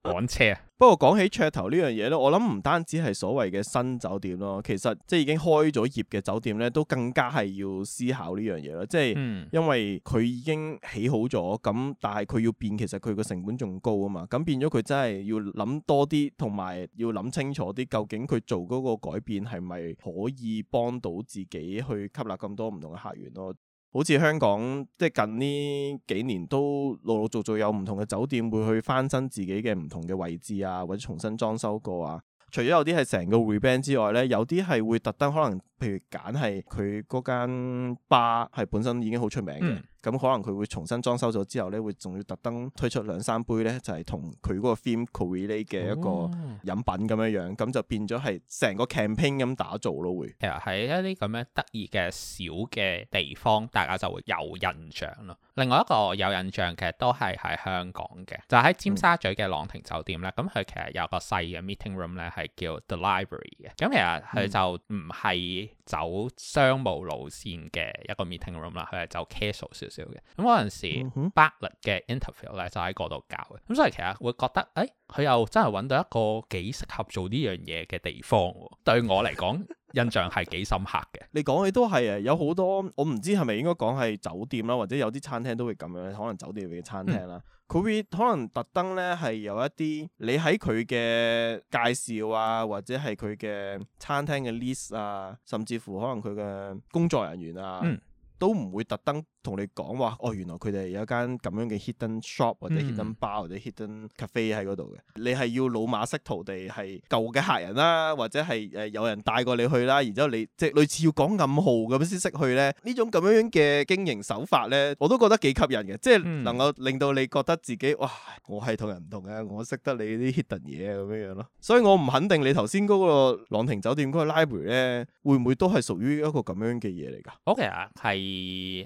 趕車啊！不過講起噱頭呢樣嘢咧，我諗唔單止係所謂嘅新酒店咯，其實即係已經開咗業嘅酒店呢，都更加係要思考呢樣嘢咯。即係因為佢已經起好咗，咁但係佢要變，其實佢個成本仲高啊嘛。咁變咗佢真係要諗多啲，同埋要諗清楚啲，究竟佢做嗰個改變係咪可以幫到自己去吸納咁多唔同嘅客源咯。好似香港即係近呢幾年都陸陸續續有唔同嘅酒店會去翻新自己嘅唔同嘅位置啊，或者重新裝修過啊。除咗有啲係成個 rebrand 之外咧，有啲係會特登可能，譬如揀係佢嗰間 bar 係本身已經好出名嘅。嗯咁可能佢會重新裝修咗之後咧，會仲要特登推出兩三杯咧，就係同佢嗰個 theme cooley 嘅一個飲品咁樣樣，咁、哦、就變咗係成個 campaign 咁打造咯，會。其實喺一啲咁樣得意嘅小嘅地方，大家就會有印象啦。另外一個有印象其實都係喺香港嘅，就喺、是、尖沙咀嘅朗廷酒店咧。咁佢、嗯、其實有個細嘅 meeting room 咧，係叫 The Library 嘅。咁其實佢就唔係走商務路線嘅一個 meeting room 啦、嗯，佢係走 casual 線。少嘅，咁嗰陣時，巴勒嘅 interview 咧就喺嗰度搞嘅，咁所以其實會覺得，誒、哎，佢又真係揾到一個幾適合做呢樣嘢嘅地方喎。對我嚟講， *laughs* 印象係幾深刻嘅。你講嘅都係誒，有好多，我唔知係咪應該講係酒店啦，或者有啲餐廳都會咁樣，可能酒店或者餐廳啦，佢會、嗯、可能特登呢係有一啲，你喺佢嘅介紹啊，或者係佢嘅餐廳嘅 list 啊，甚至乎可能佢嘅工作人員啊。嗯都唔會特登同你講話哦，原來佢哋有一間咁樣嘅 hidden shop 或者 hidden bar 或者 hidden cafe 喺嗰度嘅。嗯、你係要老馬識徒地識途地係舊嘅客人啦，或者係誒有人帶過你去啦，然之後你即係類似要講暗號咁先識去咧。呢種咁樣樣嘅經營手法咧，我都覺得幾吸引嘅，即係能夠令到你覺得自己哇，我係同人唔同嘅，我識得你啲 hidden 嘢咁樣樣咯。所以我唔肯定你頭先嗰個朗廷酒店嗰個 library 咧，會唔會都係屬於一個咁樣嘅嘢嚟㗎？我其實係。而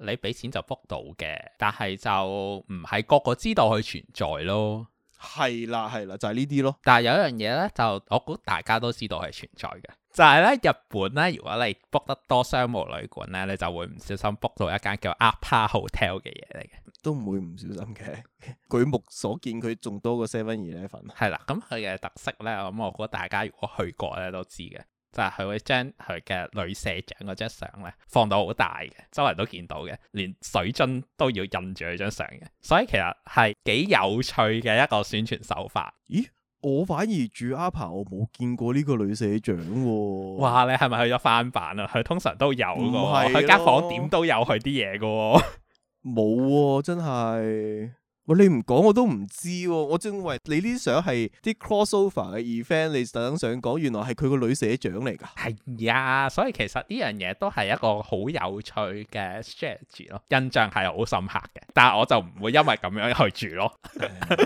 你俾錢就 book 到嘅，但係就唔係個,個個知道佢存在咯。係啦，係啦，就係呢啲咯。但係有一樣嘢咧，就我估大家都知道係存在嘅，就係、是、咧日本咧，如果你 book 得多商務旅館咧，你就會唔小心 book 到一間叫 APA Hotel 嘅嘢嚟嘅。都唔會唔小心嘅，舉目所見佢仲多過 Seven Eleven。係啦，咁佢嘅特色咧，咁我覺得大家如果去過咧都知嘅。就係佢會將佢嘅女社長嗰張相咧放到好大嘅，周圍都見到嘅，連水樽都要印住佢張相嘅，所以其實係幾有趣嘅一個宣傳手法。咦？我反而住阿婆，我冇見過呢個女社長喎、哦。哇！你係咪去咗翻版啊？佢通常都有嘅，佢間房點都有佢啲嘢嘅喎。冇喎、哦，真係。哦哦、喂，你唔講我都唔知喎，我正以為你呢啲相係啲 crossover 嘅 event，你特登想講，原來係佢個女社長嚟㗎。係呀、啊，所以其實呢樣嘢都係一個好有趣嘅 strategy 咯，印象係好深刻嘅，但係我就唔會因為咁樣去住咯。 *laughs* 呃、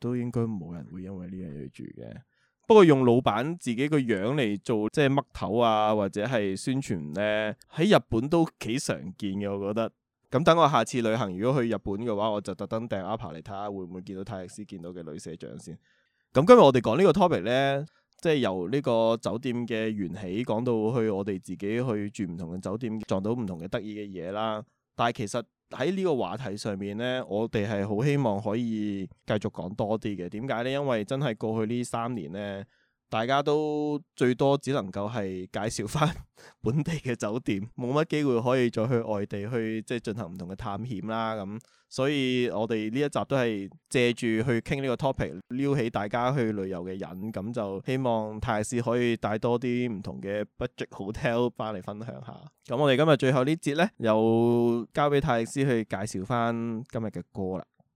都應該冇人會因為呢樣嘢去住嘅， *laughs* 不過用老闆自己個樣嚟做即係嘜頭啊，或者係宣傳咧，喺日本都幾常見嘅，我覺得。咁等我下次旅行，如果去日本嘅話，我就特登訂阿婆嚟睇下，會唔會見到泰勒斯見到嘅女社長先。咁今日我哋講呢個 topic 呢，即係由呢個酒店嘅源起講到去我哋自己去住唔同嘅酒店，撞到唔同嘅得意嘅嘢啦。但係其實喺呢個話題上面呢，我哋係好希望可以繼續講多啲嘅。點解呢？因為真係過去呢三年呢。大家都最多只能夠係介紹翻本地嘅酒店，冇乜機會可以再去外地去即係進行唔同嘅探險啦。咁，所以我哋呢一集都係借住去傾呢個 topic，撩起大家去旅遊嘅癮。咁就希望泰師可以帶多啲唔同嘅 budget hotel 翻嚟分享下。咁我哋今日最後呢節呢，又交俾泰師去介紹翻今日嘅歌啦。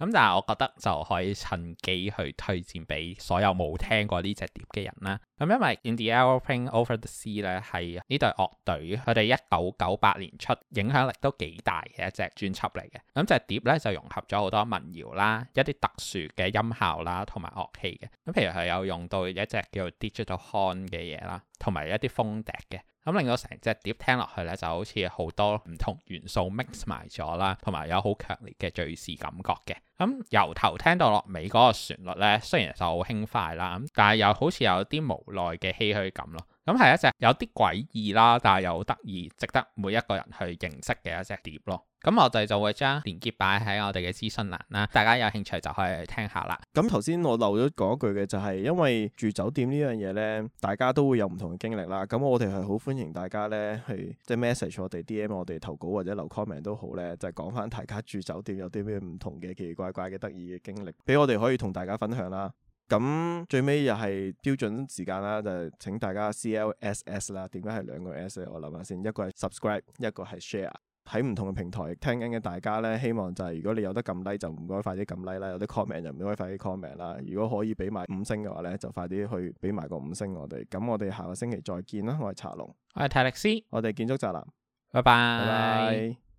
咁但係我覺得就可以趁機去推薦俾所有冇聽過呢隻碟嘅人啦。咁因為《In The Aeroplane Over The Sea》咧係呢隊樂隊佢哋一九九八年出，影響力都幾大嘅一隻專輯嚟嘅。咁隻碟咧就融合咗好多民謠啦、一啲特殊嘅音效啦同埋樂器嘅。咁譬如係有用到一隻叫做 Digital Horn 嘅嘢啦，同埋一啲風笛嘅。咁令到成隻碟聽落去咧就好似好多唔同元素 mix 埋咗啦，同埋有好強烈嘅敘事感覺嘅。咁由頭聽到落尾嗰個旋律咧，雖然就好輕快啦，咁但係又好似有啲無奈嘅唏噓感咯。咁、嗯、係一隻有啲詭異啦，但係又得意，值得每一個人去認識嘅一隻碟咯。咁、嗯、我哋就會將連結擺喺我哋嘅諮詢欄啦，大家有興趣就可以聽下啦。咁頭先我漏咗嗰句嘅就係，因為住酒店呢樣嘢咧，大家都會有唔同嘅經歷啦。咁我哋係好歡迎大家咧，去即係、就是、message 我哋 DM 我哋投稿或者留 comment 都好咧，就講、是、翻大家住酒店有啲咩唔同嘅奇怪。怪嘅得意嘅經歷，俾我哋可以同大家分享啦。咁最尾又係標準時間啦，就係、請大家 CLS 啦。點解係兩個 S 咧？我諗下先，一個係 subscribe，一個係 share。喺唔同嘅平台聽緊嘅大家咧，希望就係、是、如果你有得撳 like，就唔該快啲撳 like 啦，有啲 comment 就唔該快啲 comment 啦。如果可以俾埋五星嘅話咧，就快啲去俾埋個五星我哋。咁我哋下個星期再見啦。我係茶龍，我係泰力斯，我哋建築宅男，拜拜。